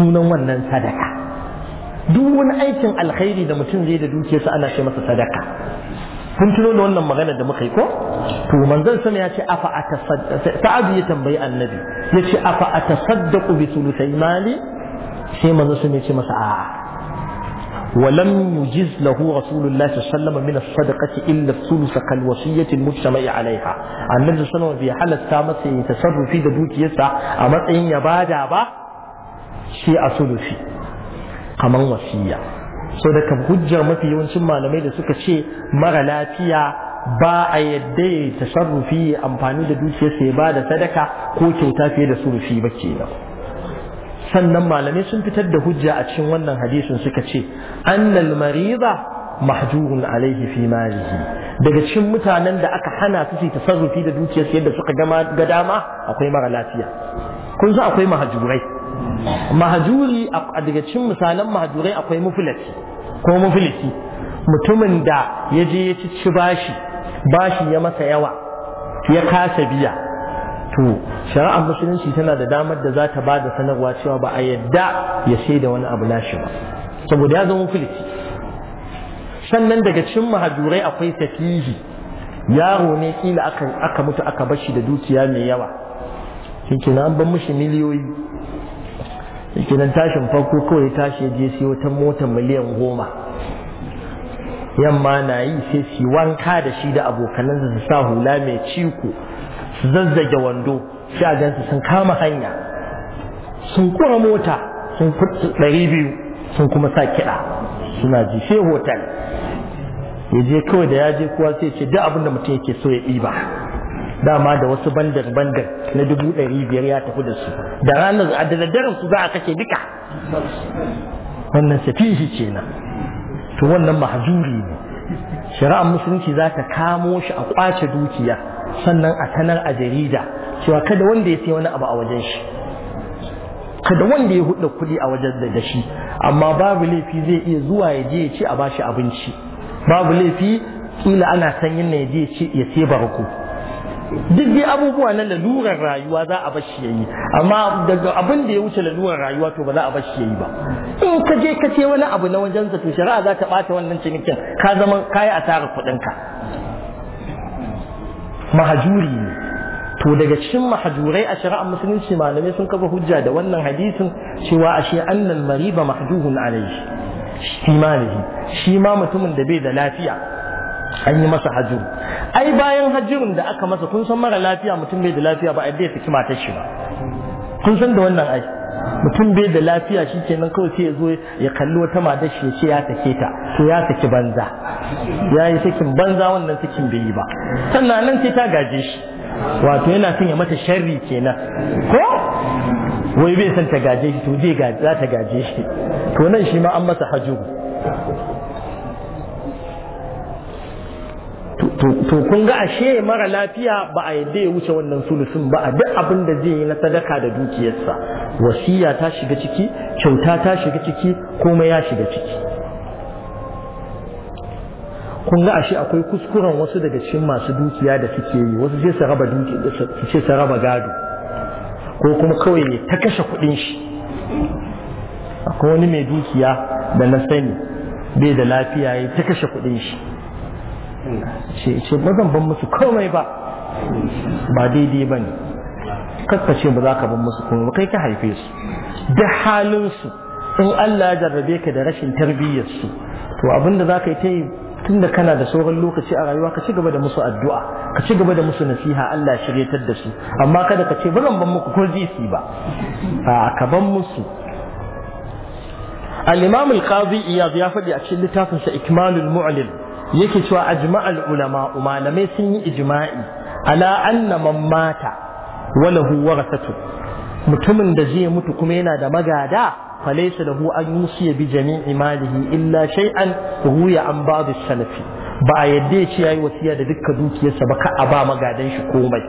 sunan wannan sadaka duk wani aikin alkhairi da mutum zai da dukiyarsa ana ce masa sadaka kun tuno da wannan magana da muka yi ko to manzon sama ya ce afa a tasaddaqa ta'abi ya tambayi annabi ya ce afa a tasaddaqu bi sulusai mali sai manzon sama ya ce masa a ولم يجز له رسول الله صلى الله عليه وسلم من الصدقة إلا الثلث كالوصية المجتمع عليها. عن النبي صلى الله عليه وسلم في حالة تامة في دبوك يسع أما إن يبادع شيء ثلثي. كمان وصية. so daga hujjar mafi yawancin malamai da suka ce mara lafiya ba a yadda ya tasarrufi ya amfani da dukiyarsa ya ba da sadaka ko kyauta fiye da surufi ba kenan sannan malamai sun fitar da hujja a cikin wannan hadisin suka ce annal mariza mahjurun alaihi fi malihi daga cikin mutanen da aka hana su su tasarrufi da dukiyarsu da suka ga dama akwai mara lafiya kun san akwai mahjurai mahajuri a daga cin misalan mahajurai akwai mufilati ko mufulati mutumin da ya je ya ci bashi bashi ya masa yawa ya kasa biya to shari'ar musulunci tana da damar da za ta ba da sanarwa cewa ba a yadda ya sai da wani abu nashi ba saboda ya zama mufulati sannan daga cin mahajurai akwai safihi yaro ne kila aka mutu aka bashi da dukiya mai yawa kinkina an ban mishi miliyoyi kinan tashin farko kawai tashi je sai wata mota miliyan goma yamma na yi sai su wanka da shi da abokanansa su sa hula mai ciko su zazzage wando sai a gansu sun kama hanya sun kura mota sun ɗari biyu sun kuma sa kiɗa suna ji sai hotel ya je kawai da ya je kuwa sai ce duk abinda mutum yake so ya ɗiba dama da wasu bandar-bandar na dubu ɗari biyar ya tafi da su da ranar a da su za a kashe duka wannan safihi na? to wannan mahajuri ne shari'ar musulunci za ta kamo shi a kwace dukiya sannan a tanar a jarida cewa kada wanda ya sai wani abu a wajen shi kada wanda ya huɗa kuɗi a wajen da shi amma babu laifi zai iya zuwa ya je ya ce a bashi abinci babu laifi kila ana sanyin na ya je ya ce ya sai barko duk dai abubuwa na lalurar rayuwa za a bashi yayi amma daga abin da ya wuce lalurar rayuwa to ba za a bashi yayi ba in ka je ka ce wani abu na wajen zato shari'a za ta bata wannan cinikin ka zama a tara kuɗin ka mahajuri ne to daga cikin mahajurai a shari'ar musulunci malamai sun kafa hujja da wannan hadisin cewa ashe annal mariba mahjuhun alayhi shi shi ma mutumin da bai da lafiya an yi masa hajuru. ai bayan hajjurun da aka masa kun san mara lafiya mutum bai da lafiya ba a da ya saki mata shi ba kun san da wannan ai mutum bai da lafiya shi kenan kawai sai ya zo ya kalli wata matar shi ya ce ya sake ta to ya saki banza ya yi sakin banza wannan sakin bai yi ba sannan nan sai ta gaje shi wato yana son ya mata sharri kenan ko wai bai san ta gaje shi to zai za ta gaje shi to nan shi ma an masa hajjuru to kun ga ashe mara lafiya ba a yadda ya wuce wannan sulusun ba a duk abin da zai yi na sadaka da dukiyarsa wasiya ta shiga ciki kyauta ta shiga ciki komai ya shiga ciki kun ga ashe akwai kuskuren wasu daga cikin masu dukiya da suke yi wasu sai su raba su ce su raba gado ko kuma kawai ne ta kashe kuɗin shi akwai wani mai dukiya da na sani bai da lafiya ya ta kashe kuɗin shi ce ba zan ban musu komai ba ba daidai ba ne kakka ce ba za ka ban musu komai ba kai ka haife su da su in Allah ya jarrabe ka da rashin tarbiyyarsu to abinda za ka yi ta yi tun da kana da sauran lokaci a rayuwa ka ci gaba da musu addu'a ka ci gaba da musu nasiha Allah shiryatar da su amma kada ka ce ba zan ban muku ko ba a ka ban musu al-imam al iyad ya faɗi a cikin littafinsa ikmalul mu'lim yake cewa ajma'al ulama malamai sun yi ijma'i ala anna man mata walahu warasatu mutumin da zai mutu kuma yana da magada falaysa lahu an yusiya bi jami'i malihi illa shay'an ruya an ba'd salafi ba a yadda ya ce yayi wasiya da dukkan dukiyarsa ba ka a ba magadan shi komai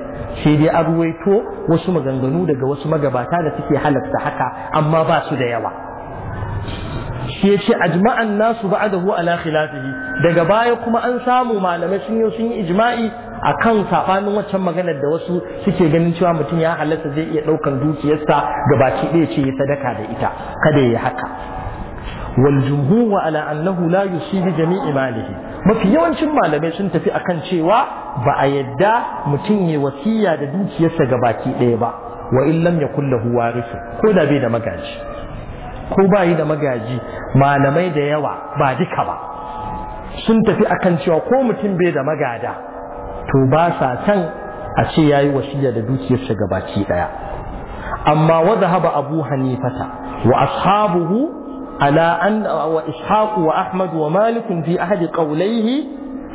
sai dai an ruwaito wasu maganganu daga wasu magabata da suke halatta haka amma ba su da yawa shi ya ce ajma'an nasu ba'adahu ala khilafihi daga baya kuma an samu malamai sun yi sun yi ijma'i akan waccan maganar da wasu suke ganin cewa mutum ya halatta zai iya ɗaukan dukiyarsa baki ɗaya ce ya sadaka da ita kada ya haka wal jumhur ala annahu la yusibu jami'i malihi mafi yawancin malamai sun tafi akan cewa ba a yadda mutum ya wasiya da dukiyarsa ga baki ɗaya ba wa in lam yakul lahu warisu ko da bai da magaji ko ba da magaji malamai da yawa ba duka ba sun tafi a kan cewa ko mutum bai da magada to ba sa can a ce yayi wasiya da dukiyarsa gabaci daya amma wa Haba abu hanifata wa ashabuhu ala an wa ishaq wa ahmad wa malik fi ahadi qawlayhi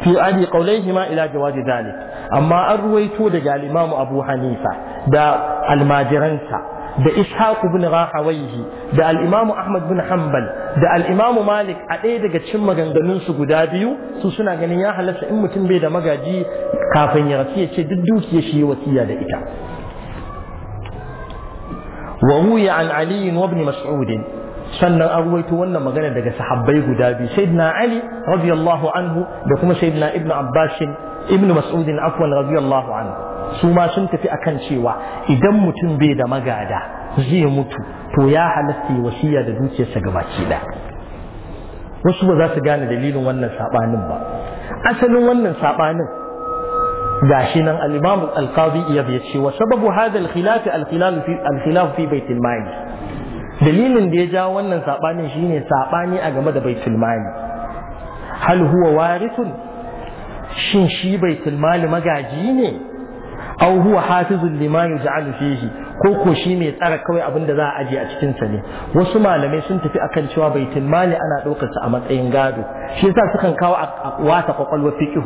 fi ahadi qawlayhima ila jawazi dhalik amma an ruwaito daga al-imam abu hanifa da almajiransa da ishaq ibn rahawayhi da al-imamu ahmad bin hanbal da al-imamu malik a ɗaya daga cikin maganganun su guda biyu su suna ganin ya halatta in mutum bai da magaji kafin ya rasu ya ce duk dukiyar shi wasiya da ita wa ruya an ali ibn mas'ud sannan an ruwaito wannan magana daga sahabbai guda biyu sayyidina ali radiyallahu anhu da kuma sayyidina ibn abbas ibn mas'ud afwan radiyallahu anhu su ma sun tafi akan cewa idan mutum bai da magada zai mutu to ya halasta yi wasiya da dukiyarsa ga da wasu ba za su gane dalilin wannan sabanin ba asalin wannan sabanin gashi nan al-imam al-qadi iyad ya wa sababu hadha al-khilaf al-khilaf fi al-khilaf fi dalilin da ya ja wannan sabanin shine sabani a game da baitul mali hal huwa warithun shin shi baitul mali magaji ne aw huwa hafizul lima yuj'alu fihi ko ko shi mai tsara kawai abin da za a aje a cikin sa ne wasu malamai sun tafi akan cewa baitul mali ana daukar sa a matsayin gado shi yasa sukan kawo a wata kwakwalwa fiqh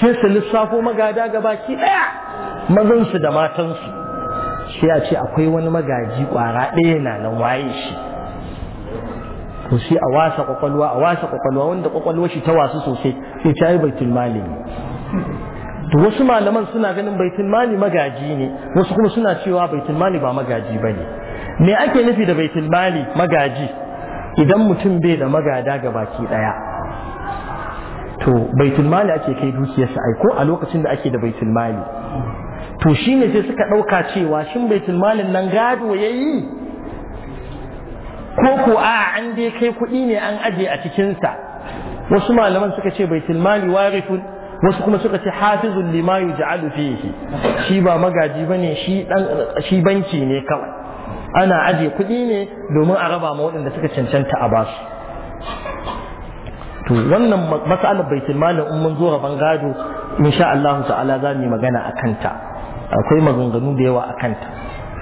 sai su lissafo magada gabaki daya mazan su da matan su sai a ce akwai wani magaji kwara ɗaya na nan waye shi to sai a wasa kwakwalwa a wasa kwakwalwa wanda kwakwalwa shi ta wasu sosai sai ta yi baitul mali ne to wasu malaman suna ganin baitul mali magaji ne wasu kuma suna cewa baitul mali ba magaji bane me ake nufi da baitul mali magaji idan mutum bai da magada ga baki daya to baitul mali ake kai dukiyarsa ai ko a lokacin da ake da baitul mali to shine sai suka dauka cewa shin baitul malin nan gado yayi ko ko a an dai kai kuɗi ne an aje a cikin sa wasu malaman suka ce baitul mali warifun wasu kuma suka ce hafizun lima yuj'alu fihi shi ba magaji bane shi shi banki ne kawai ana aje kuɗi ne domin a raba ma waɗanda suka cancanta a basu to wannan mas'alar baitul malin in mun zo raban gado insha Allah ta'ala za mu yi magana a kanta akwai maganganu da yawa a kanta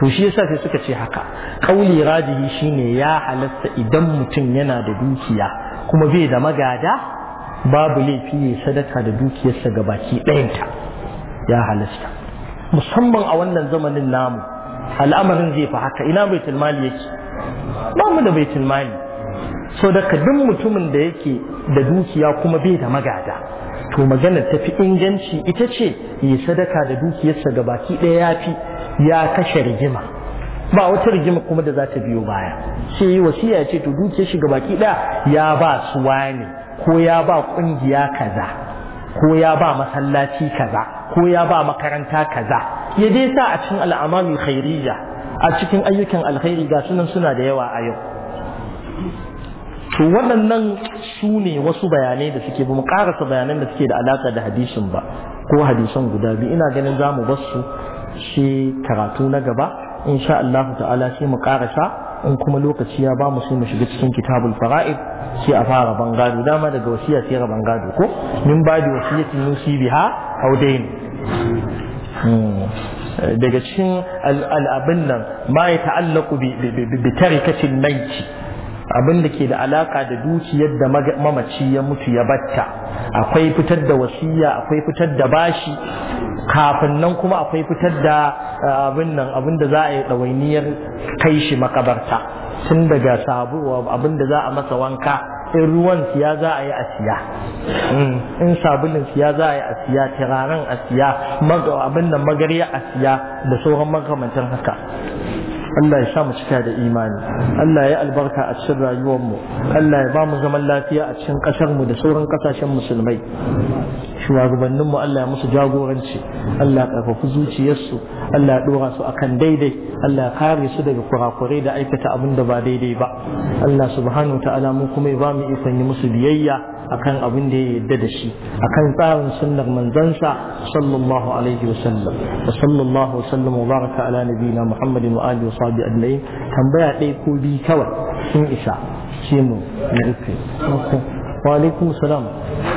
to shi yasa sai suka ce haka kauli rajihi ne ya halatta idan mutum yana da dukiya kuma bai da magada babu laifi ya sadaka da dukiyarsa ga baki ɗayanta ya halasta musamman a wannan zamanin namu al'amarin zai fi haka ina baitul mali yake ba mu da baitul mali so daga duk mutumin da yake da dukiya kuma bai da magada to maganar fi inganci ita ce yi sadaka da dukiyarsa ga baki ɗaya ya fi ya kashe rigima ba wata rigima kuma da za ta biyo baya sai yi wasiya ce to dukiyar shi ga baki ɗaya ya ba su wani ko ya ba kungiya kaza ko ya ba masallaci kaza ko ya ba makaranta kaza ya dai sa a cikin al'amami khairiyya a cikin ayyukan alkhairi ga sunan suna da yawa a yau to waɗannan su ne wasu bayanai da suke ba mu karasa bayanan da suke da alaƙa da hadisin ba ko hadisan guda biyu ina ganin za mu basu shi karatu na gaba insha Allah ta'ala sai mu karasa in kuma lokaci ya ba mu sai mu shiga cikin kitabul fara'id sai a fara bangado dama daga wasiya sai ban gado ko min ba da wasiyatin nusi biha aw dayn hmm. daga cikin al'abin nan ma ya ta'allaku bi tarikatin maiti abin da ke da alaka da dukiyar da mamaci ya mutu ya batta akwai fitar da wasiya akwai fitar da bashi kafin nan kuma akwai fitar da abin nan abin da za a yi ɗawainiyar kai shi makabarta tun daga sabu abin za a masa wanka in ruwan siya za a yi a siya mm. in sabulin siya za a yi a siya turaren a siya abin da magariya a siya da sauran makamantan haka Allah ya sa mu cika da imani Allah ya albarka a cikin rayuwarmu Allah ya ba mu zaman lafiya a cikin ƙasarmu da sauran ƙasashen musulmai shugabannin mu Allah ya musu jagoranci Allah ya zuciyarsu Allah ya ɗora su akan daidai Allah ya kare su daga kurakurai da aikata abin da ba daidai ba Allah subhanahu wa ta'ala mu kuma ya ba mu ikon yi musu biyayya akan abin da ya yarda da shi akan tsarin sunnar manzansa sallallahu alaihi wa sallam wa sallallahu wa sallam wa baraka ala nabiyina muhammadin wa alihi wa sahbihi ajma'in tambaya ɗaya ko biyu kawai sun isa shi mu na rufe wa alaikum salam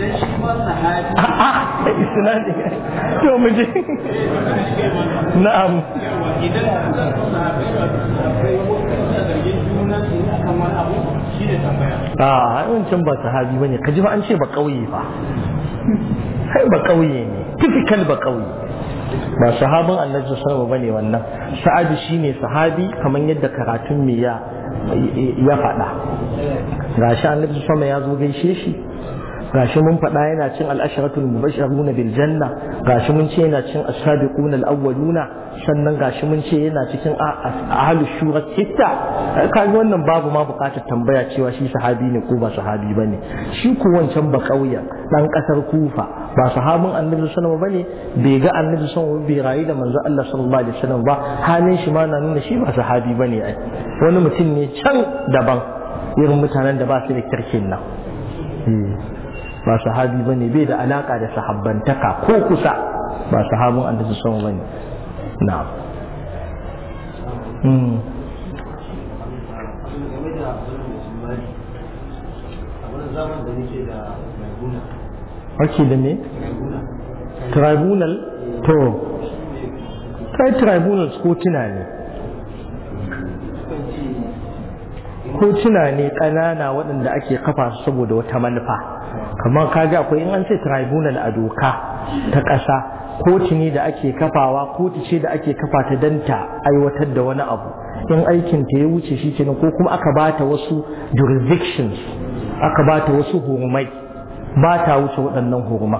idan shi a'a ah, ah, to sahabi ah, ba sahabi ka ji ba an ce ba kauye ba kai ba kauye ne typical ba kauye ba sahabin annabi sallallahu ne wannan sa'adi shine sahabi kamar yadda karatun me ya ya faɗa gashi annabi sallallahu ya zo gaishe shi gashi mun faɗa yana cin al'asharatul mubashirun bil janna gashi mun ce yana cin asabiquna al-awwaluna sannan gashi mun ce yana cikin ahlu shura Ka eh, kaga wannan babu ma bukatar tambaya cewa shi sahabi ne ko ba sahabi bane shi ko wancan ba kauya dan kasar kufa ba sahabin annabi sallallahu alaihi bane bai ga annabi sallallahu alaihi bai rayu da manzo Allah sallallahu alaihi wasallam ba halin shi ma na nuna shi ba sahabi bane ai wani mutum ne can daban irin mutanen da ba su da kirkin nan hmm. ba sahabi bane bai da alaka da sahabbantaka ko kusa ba sahabin annabi sallallahu alaihi bane na'am mm Ake da ne? Tribunal? To, kai ko kotuna ne. Kotuna ne ƙanana waɗanda ake kafa saboda wata manufa. kamar kaga akwai in an ce tribunal a doka ta ƙasa kotu ne da ake kafawa kotu ce da ake kafa ta don ta aiwatar da wani abu in aikin ta ya wuce shi kenan ko kuma aka ba ta wasu jurisdictions aka ba ta wasu hurumai ba ta wuce waɗannan hurma.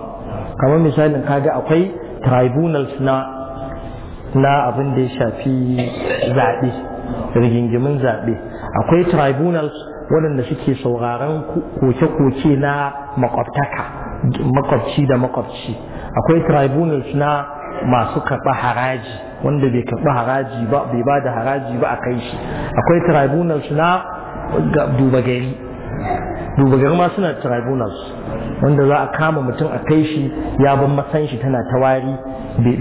kamar misalin kaga akwai tribunals na na abin da ya shafi zaɓe rigingimin zaɓe akwai tribunals waɗanda suke sauraron koke-koke na makwabtaka makwabci da makwabci akwai tribunals na masu karɓa haraji wanda bai karɓa haraji ba bai ba da haraji ba a kai shi akwai tribunals na duba gari ma suna tribunals wanda za a kama mutum a kai shi ya ban matsan shi tana ta wari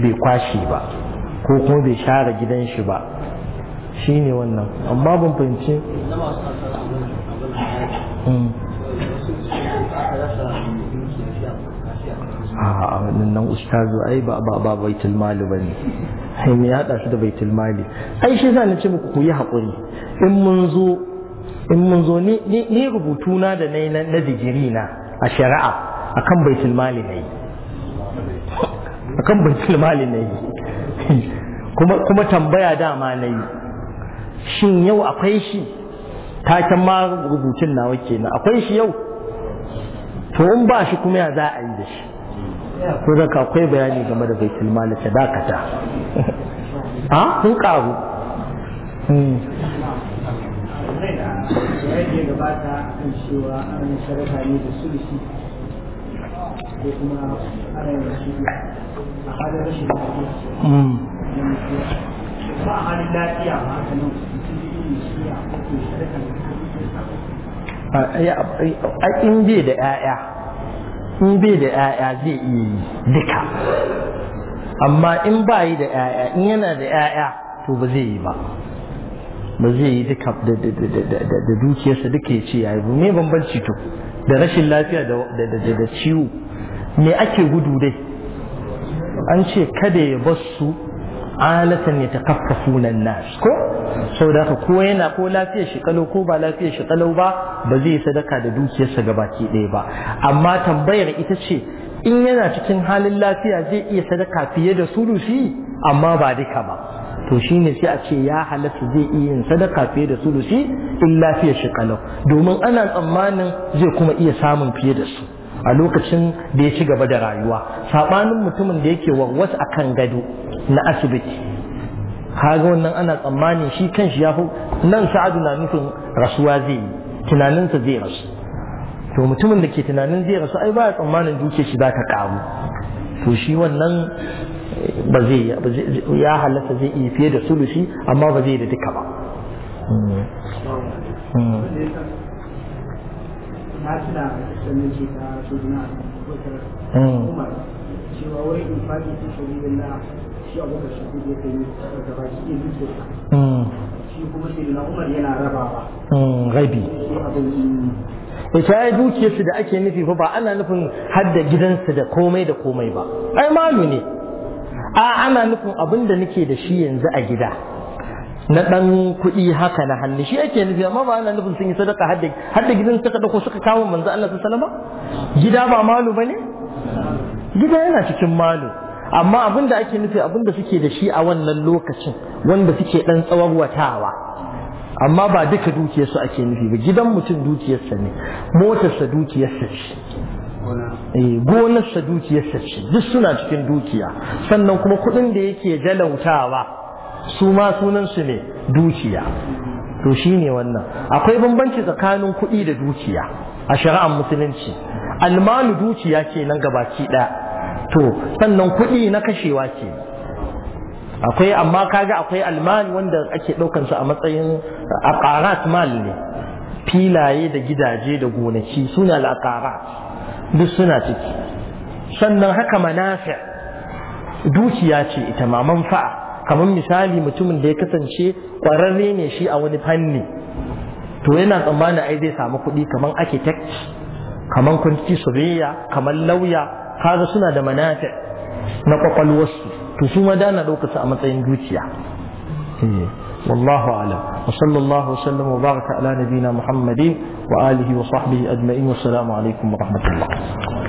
bai kwashe ba ko kuma bai share gidan shi ba shi ne wannan amma ban fahimci a nan ustazu ai ba ba ba baitul mali bane sai mu yada shi da baitul mali ai shi zan ce muku ku yi hakuri in mun zo in mun zo ni ni rubutu na da nayi na digiri na a shari'a akan baitul mali nayi akan baitul mali nayi kuma kuma tambaya dama nayi shin yau akwai shi taken ma rubutun nawa kenan akwai shi yau to in ba shi kuma ya za a yi da shi ko zaka akwai bayani game da baitul mal sadaqata ha ah, kun karu ba hmm. a halin hmm. in bai da 'ya'ya in bai da 'ya'ya zai iya yi duka amma in ba yi da 'ya'ya in yana da 'ya'ya to ba zai yi ba ba zai yi duka da dukiyarsa duka ya ce ya yi ne bambanci to da rashin lafiya da ciwo me ake gudu dai an ce kada ya bar su alatan yatakaffafuna sunan nas ko saboda haka ko yana ko lafiyar shi kalau ko ba lafiyar shi kalau ba ba zai sadaka da dukiyarsa baki ɗaya ba amma tambayar ita ce in yana cikin halin lafiya zai iya sadaka fiye da sulusi amma ba duka ba to shine sai a ce ya halatta zai iya yin sadaka fiye da sulusi in lafiyar shi kalau domin ana tsammanin zai kuma iya samun fiye da su a lokacin da ya ci gaba da rayuwa saɓanin mutumin da yake warwas a kan gado na asibiti kaga wannan ana tsammanin shi kan shi ya nan sa'adu na nufin rasuwa zai yi tunaninsa zai rasu to mutumin da ke tunanin zai rasu ai baya tsammanin dukiyar shi za ta karu to shi wannan ba zai ya halatta zai iya fiye da sulushi amma ba zai da duka ba hmm. Hmm. na tuna hmm. umar cewa shi a hmm. shi kuma na umar yana rabi ita ya dukiyar su da ake nufi ba ana nufin hadda gidansu da komai da komai ba ai malu ne a ana nufin abinda da nake da shi yanzu a gida na ɗan kuɗi haka na hannu shi ake nufi amma ba ana nufin sun yi sadaka hadda hadda gidan suka dauko suka kawo manzo Allah wasallam gida ba malu bane gida yana cikin malu amma abin da ake nufi abin da suke da shi a wannan lokacin wanda suke ɗan tsawon watawa amma ba duka su ake nufi ba gidan mutum sa ne motarsa sa ce eh, gonarsa sa ce duk suna cikin dukiya sannan kuma kuɗin da yake jalautawa su ma sunansu ne dukiya to shi ne wannan akwai bambanci tsakanin kuɗi da dukiya a shari'ar musulunci Almanu dukiya ce nan gabaki ɗaya to sannan kuɗi na kashewa ce akwai amma kaga akwai almanu wanda ake ɗaukan su a matsayin aqarat mal ne filaye da gidaje da gonaki suna al'aqarat duk suna ciki sannan haka manafi dukiya ce ita ma manfa'a kamar misali mutumin da ya kasance ƙwararre ne shi a wani fanni to yana tsammanin ai zai samu kuɗi kamar architect kamar kwanci soyayya kamar lauya kaga suna da manafi na kwakwalwarsu to su ma dana ɗauka a matsayin dukiya والله اعلم وصلى الله وسلم وبارك على نبينا محمد وآله وصحبه اجمعين والسلام عليكم ورحمه الله